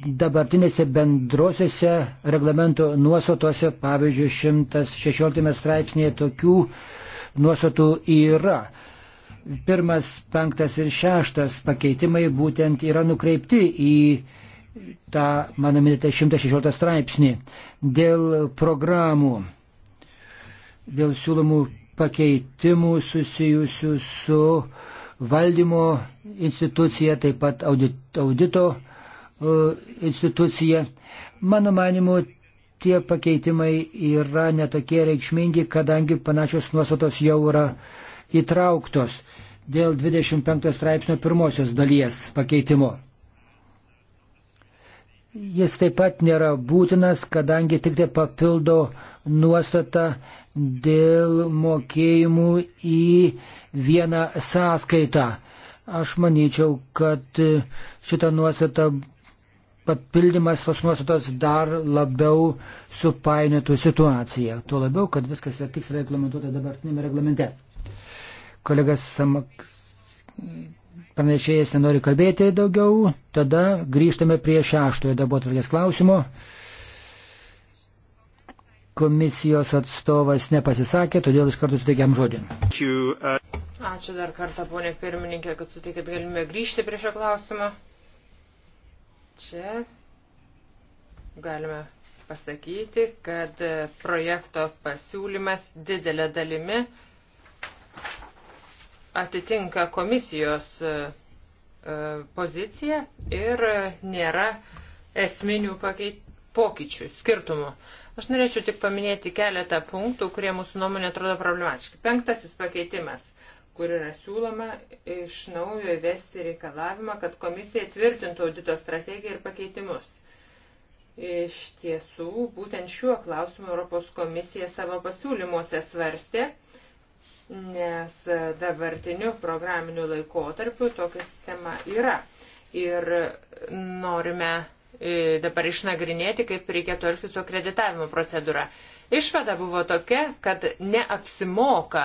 dabartinėse bendrosiuose reglamento nuostatuose, pavyzdžiui, 116 straipsnėje tokių nuostatų yra. Pirmas, penktas ir šeštas pakeitimai būtent yra nukreipti į tą, mano minėtą, 116 straipsnį dėl programų, dėl siūlomų pakeitimų susijusių su valdymo institucija, taip pat audito E, institucija. Mano manimu, tie pakeitimai yra netokie reikšmingi, kadangi panašios nuostatos jau yra įtrauktos dėl 25 straipsnio pirmosios dalies pakeitimo. Jis taip pat nėra būtinas, kadangi tik tai papildo nuostatą dėl mokėjimų į vieną sąskaitą. Aš manyčiau, kad šita nuostata papildymas tos nuostatos dar labiau supainėtų situaciją. Tuo labiau, kad viskas yra tiksliai reglamentuota dabartinėme reglamente. Kolegas Samaks pranešėjas nenori kalbėti daugiau, tada grįžtame prie šeštojo darbo atvarkės klausimo. Komisijos atstovas nepasisakė, todėl iš karto suteikiam žodį. Uh, Ačiū dar kartą, ponė pirmininkė, kad suteikėt galimybę grįžti prie šio klausimo. Čia galime pasakyti, kad projekto pasiūlymas didelė dalimi atitinka komisijos e, e, poziciją ir nėra esminių pakeit... pokyčių, skirtumų. Aš norėčiau tik paminėti keletą punktų, kurie mūsų nuomonė atrodo problematiški. Penktasis pakeitimas – kur yra siūloma iš naujo įvesti reikalavimą, kad komisija tvirtintų audito strategiją ir pakeitimus. Iš tiesų, būtent šiuo klausimu Europos komisija savo pasiūlymuose svarstė, nes dabartiniu programiniu laikotarpiu tokia sistema yra. Ir norime E, dabar išnagrinėti, kaip reikėtų elgtis su akreditavimo procedūra. Išvada buvo tokia, kad neapsimoka,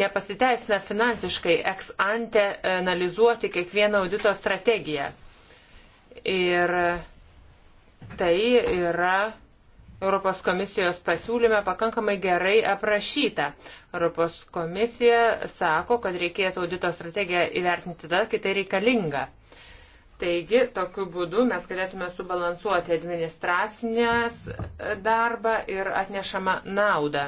nepasiteisina finansiškai ex ante analizuoti kiekvieną audito strategiją. Ir tai yra Europos komisijos pasiūlyme pakankamai gerai aprašyta. Europos komisija sako, kad reikėtų audito strategiją įvertinti tada, kai tai reikalinga. Taigi, tokiu būdu mes galėtume subalansuoti administracinės darbą ir atnešamą naudą.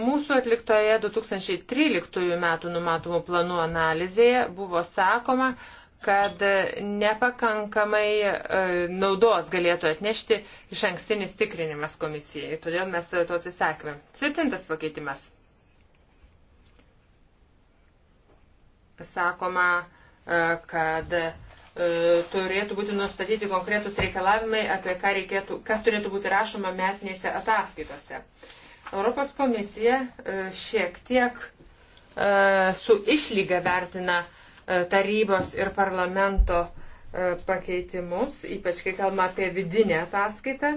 Mūsų atliktoje 2013 metų numatomų planų analizėje buvo sakoma, kad nepakankamai e, naudos galėtų atnešti iš ankstinis tikrinimas komisijai. Todėl mes to atsisakėme. Septintas pakeitimas. Sakoma, e, kad E, turėtų būti nustatyti konkretus reikalavimai, apie ką reikėtų, kas turėtų būti rašoma metinėse ataskaitose. Europos komisija e, šiek tiek e, su išlyga vertina tarybos ir parlamento pakeitimus, ypač kai kalbame apie vidinę ataskaitą,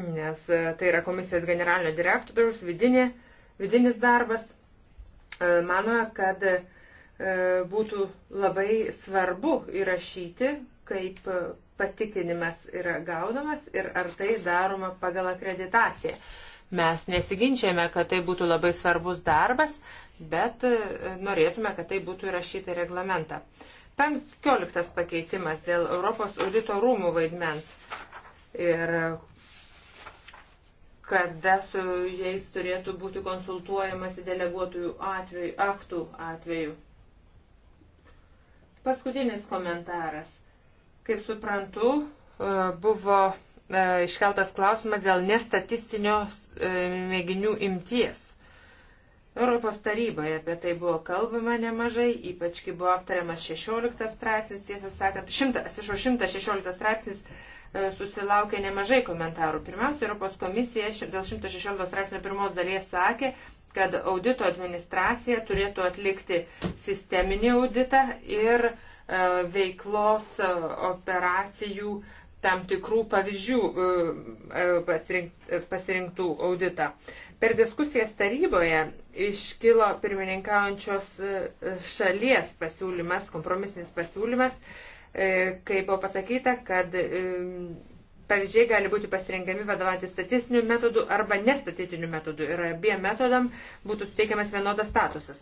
nes tai yra komisijos generalinio direktoriaus vidinė, vidinis darbas. Manome, kad E, būtų labai svarbu įrašyti, kaip patikinimas yra gaunamas ir ar tai daroma pagal akreditaciją. Mes nesiginčiame, kad tai būtų labai svarbus darbas, bet e, norėtume, kad tai būtų įrašyta į reglamentą. Penkioliktas pakeitimas dėl Europos audito rūmų vaidmens ir kada su jais turėtų būti konsultuojamas deleguotųjų atveju, aktų atveju. Paskutinis komentaras. Kaip suprantu, e, buvo e, iškeltas klausimas dėl nestatistinio e, mėginių imties. Europos taryboje apie tai buvo kalbama nemažai, ypač kai buvo aptariamas 16 straipsnis, tiesą sakant, 100, 116 straipsnis susilaukė nemažai komentarų. Pirmiausia, Europos komisija dėl 116 straipsnio pirmos dalies sakė, kad audito administracija turėtų atlikti sisteminį auditą ir e, veiklos e, operacijų tam tikrų pavyzdžių e, pasirinktų auditą. Per diskusijas taryboje iškilo pirmininkaujančios šalies pasiūlymas, kompromisinis pasiūlymas, kai buvo pasakyta, kad Pavyzdžiai gali būti pasirengami vadovauti statistiniu metodu arba nestatistiniu metodu ir abiem metodam būtų suteikiamas vienodas statusas.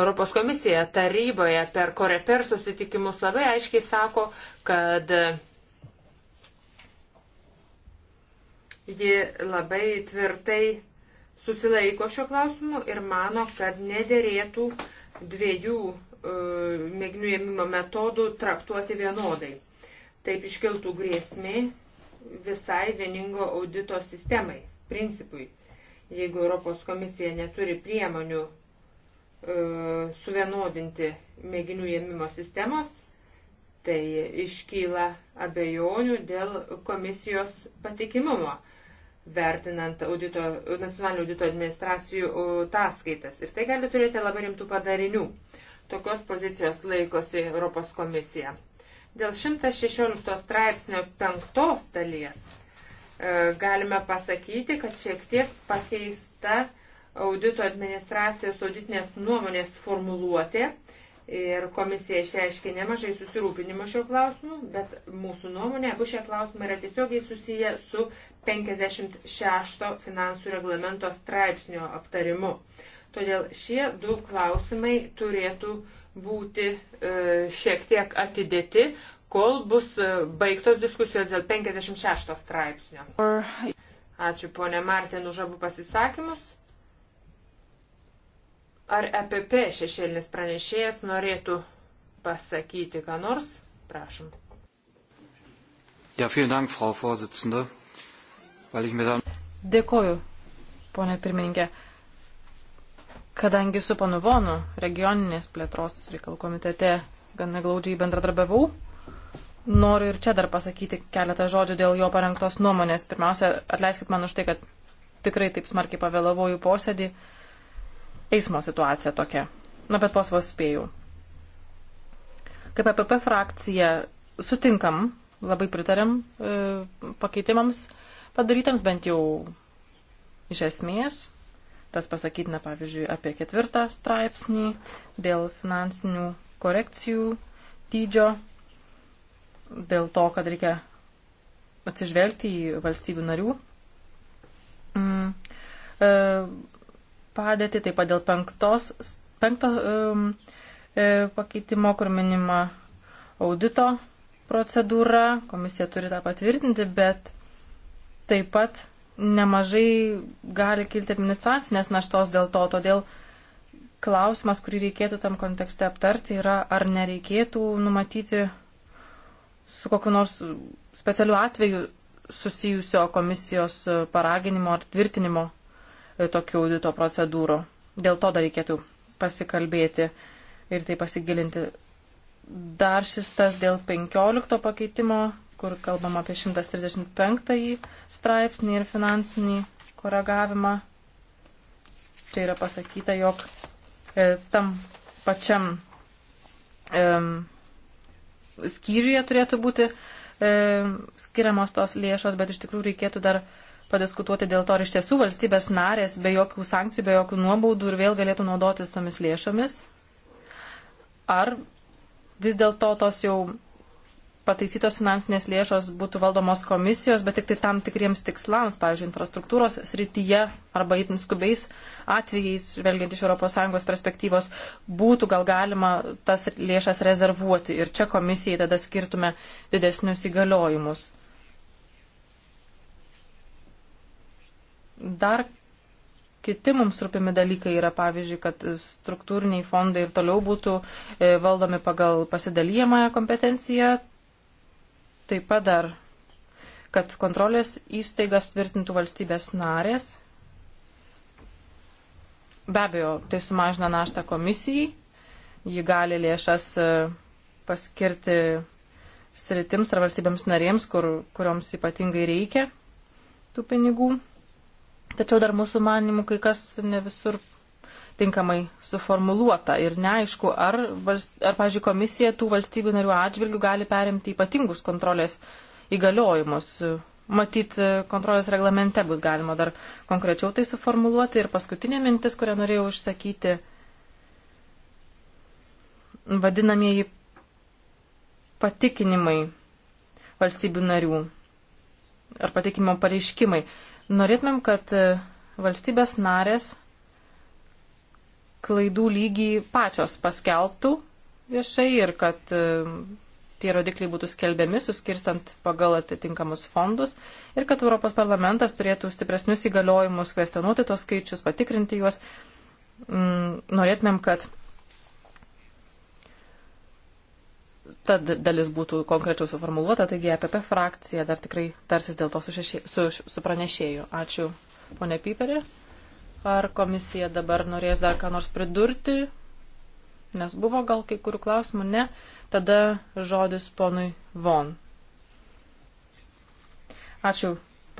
Europos komisija taryboje per koreper susitikimus labai aiškiai sako, kad ji labai tvirtai susilaiko šio klausimu ir mano, kad nederėtų dviejų e, mėginių ėmimo metodų traktuoti vienodai. Taip iškiltų grėsmė visai vieningo audito sistemai, principui. Jeigu Europos komisija neturi priemonių e, suvienodinti mėginių ėmimo sistemos, tai iškyla abejonių dėl komisijos patikimumo, vertinant audito, nacionalinio audito administracijų ataskaitas. Ir tai gali turėti labai rimtų padarinių. Tokios pozicijos laikosi Europos komisija. Dėl 116 straipsnio penktos dalies e, galime pasakyti, kad šiek tiek pakeista audito administracijos auditinės nuomonės formuluotė ir komisija išreiškė nemažai susirūpinimo šio klausimu, bet mūsų nuomonė, abu šie klausimai yra tiesiogiai susiję su 56 finansų reglamento straipsnio aptarimu. Todėl šie du klausimai turėtų uh, būti e, šiek tiek atidėti, kol bus e, baigtos diskusijos dėl 56 straipsnio. Ačiū ponė Martin už abu pasisakymus. Ar EPP šešėlinis pranešėjas norėtų pasakyti, ką nors? Prašom. Ja, vielen Dank, Frau Vorsitzende, weil ich mir dann. Dėkoju, ponė pirmininkė. Uh, Kadangi su panu Vonu regioninės plėtros reikalų komitete gana glaudžiai bendradarbiavau, noriu ir čia dar pasakyti keletą žodžių dėl jo parengtos nuomonės. Pirmiausia, atleiskit man už tai, kad tikrai taip smarkiai pavėlavau į posėdį. Eismo situacija tokia. Na, bet pos vos spėjau. Kaip APP frakcija sutinkam, labai pritarėm e, pakeitimams padarytams bent jau iš esmės. Tas pasakytina, pavyzdžiui, apie ketvirtą straipsnį dėl finansinių korekcijų dydžio, dėl to, kad reikia atsižvelgti į valstybių narių mm, e, padėtį, taip pat dėl penktos, penkto um, e, pakeitimo, kur minima audito procedūra, komisija turi tą patvirtinti, bet taip pat nemažai gali kilti administracinės naštos dėl to, todėl klausimas, kurį reikėtų tam kontekste aptarti, yra, ar nereikėtų numatyti su kokiu nors specialiu atveju susijusio komisijos paraginimo ar tvirtinimo e, tokių audito procedūrų. Dėl to dar reikėtų pasikalbėti ir tai pasigilinti. Dar šis tas dėl 15 pakeitimo kur kalbam apie 135 straipsnį ir finansinį koregavimą. Čia yra pasakyta, jog e, tam pačiam e, skyriuje turėtų būti e, skiriamos tos lėšos, bet iš tikrųjų reikėtų dar padiskutuoti dėl to, ar iš tiesų valstybės narės be jokių sankcijų, be jokių nuobaudų ir vėl galėtų naudotis tomis lėšomis. Ar vis dėlto tos jau pataisytos finansinės lėšos būtų valdomos komisijos, bet tik tai tam tikriems tikslams, pavyzdžiui, infrastruktūros srityje arba itin skubiais atvejais, žvelgiant iš ES perspektyvos, būtų gal galima tas lėšas rezervuoti ir čia komisijai tada skirtume didesnius įgaliojimus. Dar kiti mums rūpimi dalykai yra, pavyzdžiui, kad struktūriniai fondai ir toliau būtų e, valdomi pagal pasidalyjamąją kompetenciją, Taip pat dar, kad kontrolės įstaigas tvirtintų valstybės narės. Be abejo, tai sumažina naštą komisijai. Ji gali lėšas e, paskirti sritims ar valstybėms narėms, kur, kurioms ypatingai reikia tų pinigų. Tačiau dar mūsų manimų kai kas ne visur tinkamai suformuluota ir neaišku, ar, ar pažiūrėjau, komisija tų valstybių narių atžvilgių gali perimti ypatingus kontrolės įgaliojimus. Matyt, kontrolės reglamente bus galima dar konkrečiau tai suformuluoti. Ir paskutinė mintis, kurią norėjau išsakyti, vadinamieji patikinimai valstybių narių ar patikinimo pareiškimai. Norėtumėm, kad valstybės narės klaidų lygį pačios paskelbtų viešai ir kad e, tie rodikliai būtų skelbiami, suskirstant pagal atitinkamus fondus ir kad Europos parlamentas turėtų stipresnius įgaliojimus kvestionuoti tos skaičius, patikrinti juos. Mm, norėtumėm, kad ta dalis būtų konkrečiau suformuoluota, taigi EPP frakcija dar tikrai tarsis dėl to su, šeši, su, su pranešėju. Ačiū, ponė Piperė. Ar komisija dabar norės dar ką nors pridurti? Nes buvo gal kai kurių klausimų, ne. Tada žodis ponui Von. Ačiū,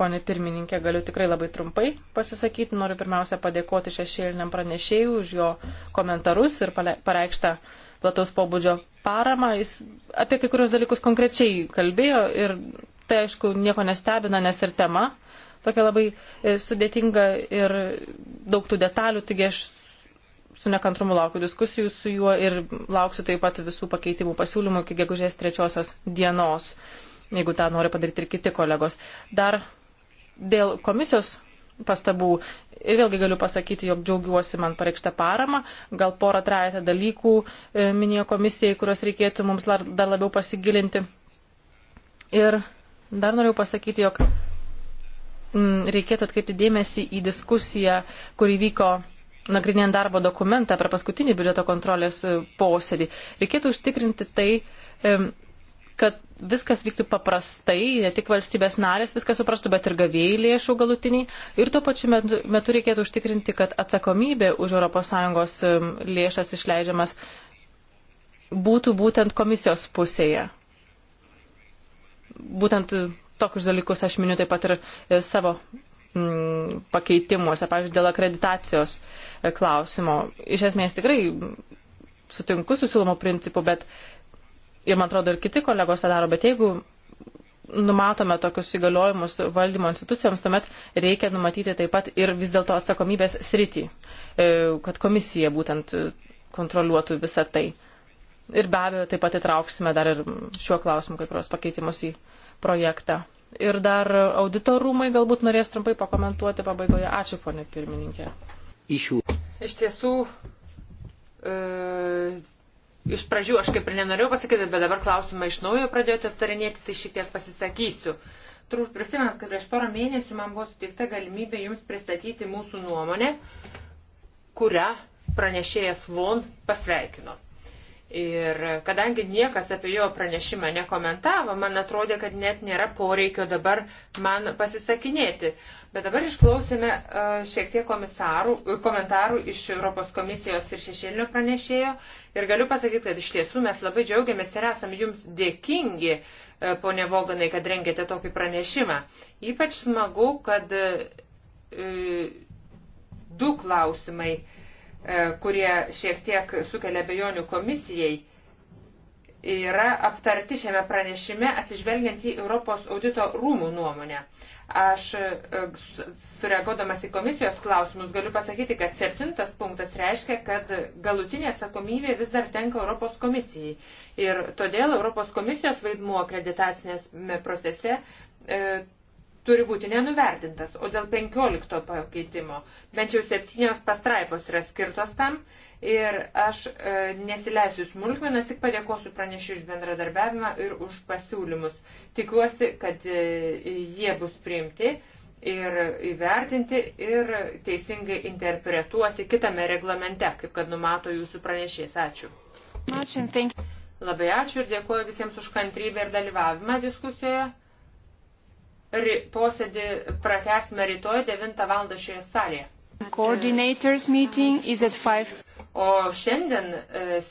ponė pirmininkė, galiu tikrai labai trumpai pasisakyti. Noriu pirmiausia padėkoti šešėliniam pranešėjui už jo komentarus ir pareikštą plataus pobūdžio paramą. Jis apie kai kurios dalykus konkrečiai kalbėjo ir tai aišku nieko nestebina, nes ir tema tokia labai e, sudėtinga ir daug tų detalių, taigi aš su nekantrumu laukiu diskusijų su juo ir lauksiu taip pat visų pakeitimų pasiūlymų iki gegužės trečiosios dienos, jeigu tą nori padaryti ir kiti kolegos. Dar dėl komisijos pastabų ir vėlgi galiu pasakyti, jog džiaugiuosi man pareikštą paramą, gal porą trejata dalykų e, minėjo komisijai, kurios reikėtų mums dar labiau pasigilinti. Ir dar noriu pasakyti, jog Mm, reikėtų atkreipti dėmesį į diskusiją, kuri vyko nagrinėjant darbo dokumentą per paskutinį biudžeto kontrolės e, posėdį. Reikėtų užtikrinti tai, e, kad viskas vyktų paprastai, ne tik valstybės narės viską suprastų, bet ir gavėjai lėšų galutiniai. Ir tuo pačiu metu, metu reikėtų užtikrinti, kad atsakomybė už ES e, lėšas išleidžiamas būtų būtent komisijos pusėje. Būtent tokius dalykus aš miniu taip pat ir e, savo m, mm, pakeitimuose, pavyzdžiui, dėl akreditacijos e, klausimo. Iš esmės tikrai sutinku su siūlomo principu, bet ir man atrodo ir kiti kolegos tą daro, bet jeigu numatome tokius įgaliojimus valdymo institucijoms, tuomet reikia numatyti taip pat ir vis dėlto atsakomybės sritį, e, kad komisija būtent kontroliuotų visą tai. Ir be abejo, taip pat įtrauksime dar ir šiuo klausimu kai kurios pakeitimus į projektą. Ir dar auditorumai galbūt norės trumpai pakomentuoti pabaigoje. Ačiū, ponė pirmininkė. Išių. Iš tiesų, e, iš pradžių aš kaip ir nenorėjau pasakyti, bet dabar klausimą iš naujo pradėjote aptarinėti, tai šiek tiek pasisakysiu. Turbūt prisimenat, kad prieš porą mėnesių man buvo suteikta galimybė jums pristatyti mūsų nuomonę, kurią pranešėjas Von pasveikino. Ir kadangi niekas apie jo pranešimą nekomentavo, man atrodė, kad net nėra poreikio dabar man pasisakinėti. Bet dabar išklausėme e, šiek tiek komentarų iš Europos komisijos ir šešėlinio pranešėjo. Ir galiu pasakyti, kad iš tiesų mes labai džiaugiamės ir esam jums dėkingi, e, ponė Voganai, kad rengėte tokį pranešimą. Ypač smagu, kad e, du klausimai E, kurie šiek tiek sukelia bejonių komisijai, yra aptarti šiame pranešime atsižvelgiant į Europos audito rūmų nuomonę. Aš e, sureagodamas į komisijos klausimus galiu pasakyti, kad septintas punktas reiškia, kad galutinė atsakomybė vis dar tenka Europos komisijai. Ir todėl Europos komisijos vaidmuo akreditacinėme procese e, turi būti nenuvertintas, o dėl 15 pakeitimo bent jau septynios pastraipos yra skirtos tam ir aš e, nesileisiu smulkmenas, tik padėkosiu pranešiu už bendradarbiavimą ir už pasiūlymus. Tikiuosi, kad e, jie bus priimti ir įvertinti ir teisingai interpretuoti kitame reglamente, kaip kad numato jūsų pranešės. Ačiū. Labai ačiū ir dėkuoju visiems už kantrybę ir dalyvavimą diskusijoje posėdį pratęsime rytoj 9 val. šioje salėje. Coordinators meeting is at 5. O šiandien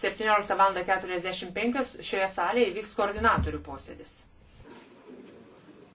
17 val. 45 šioje salėje įvyks koordinatorių posėdis.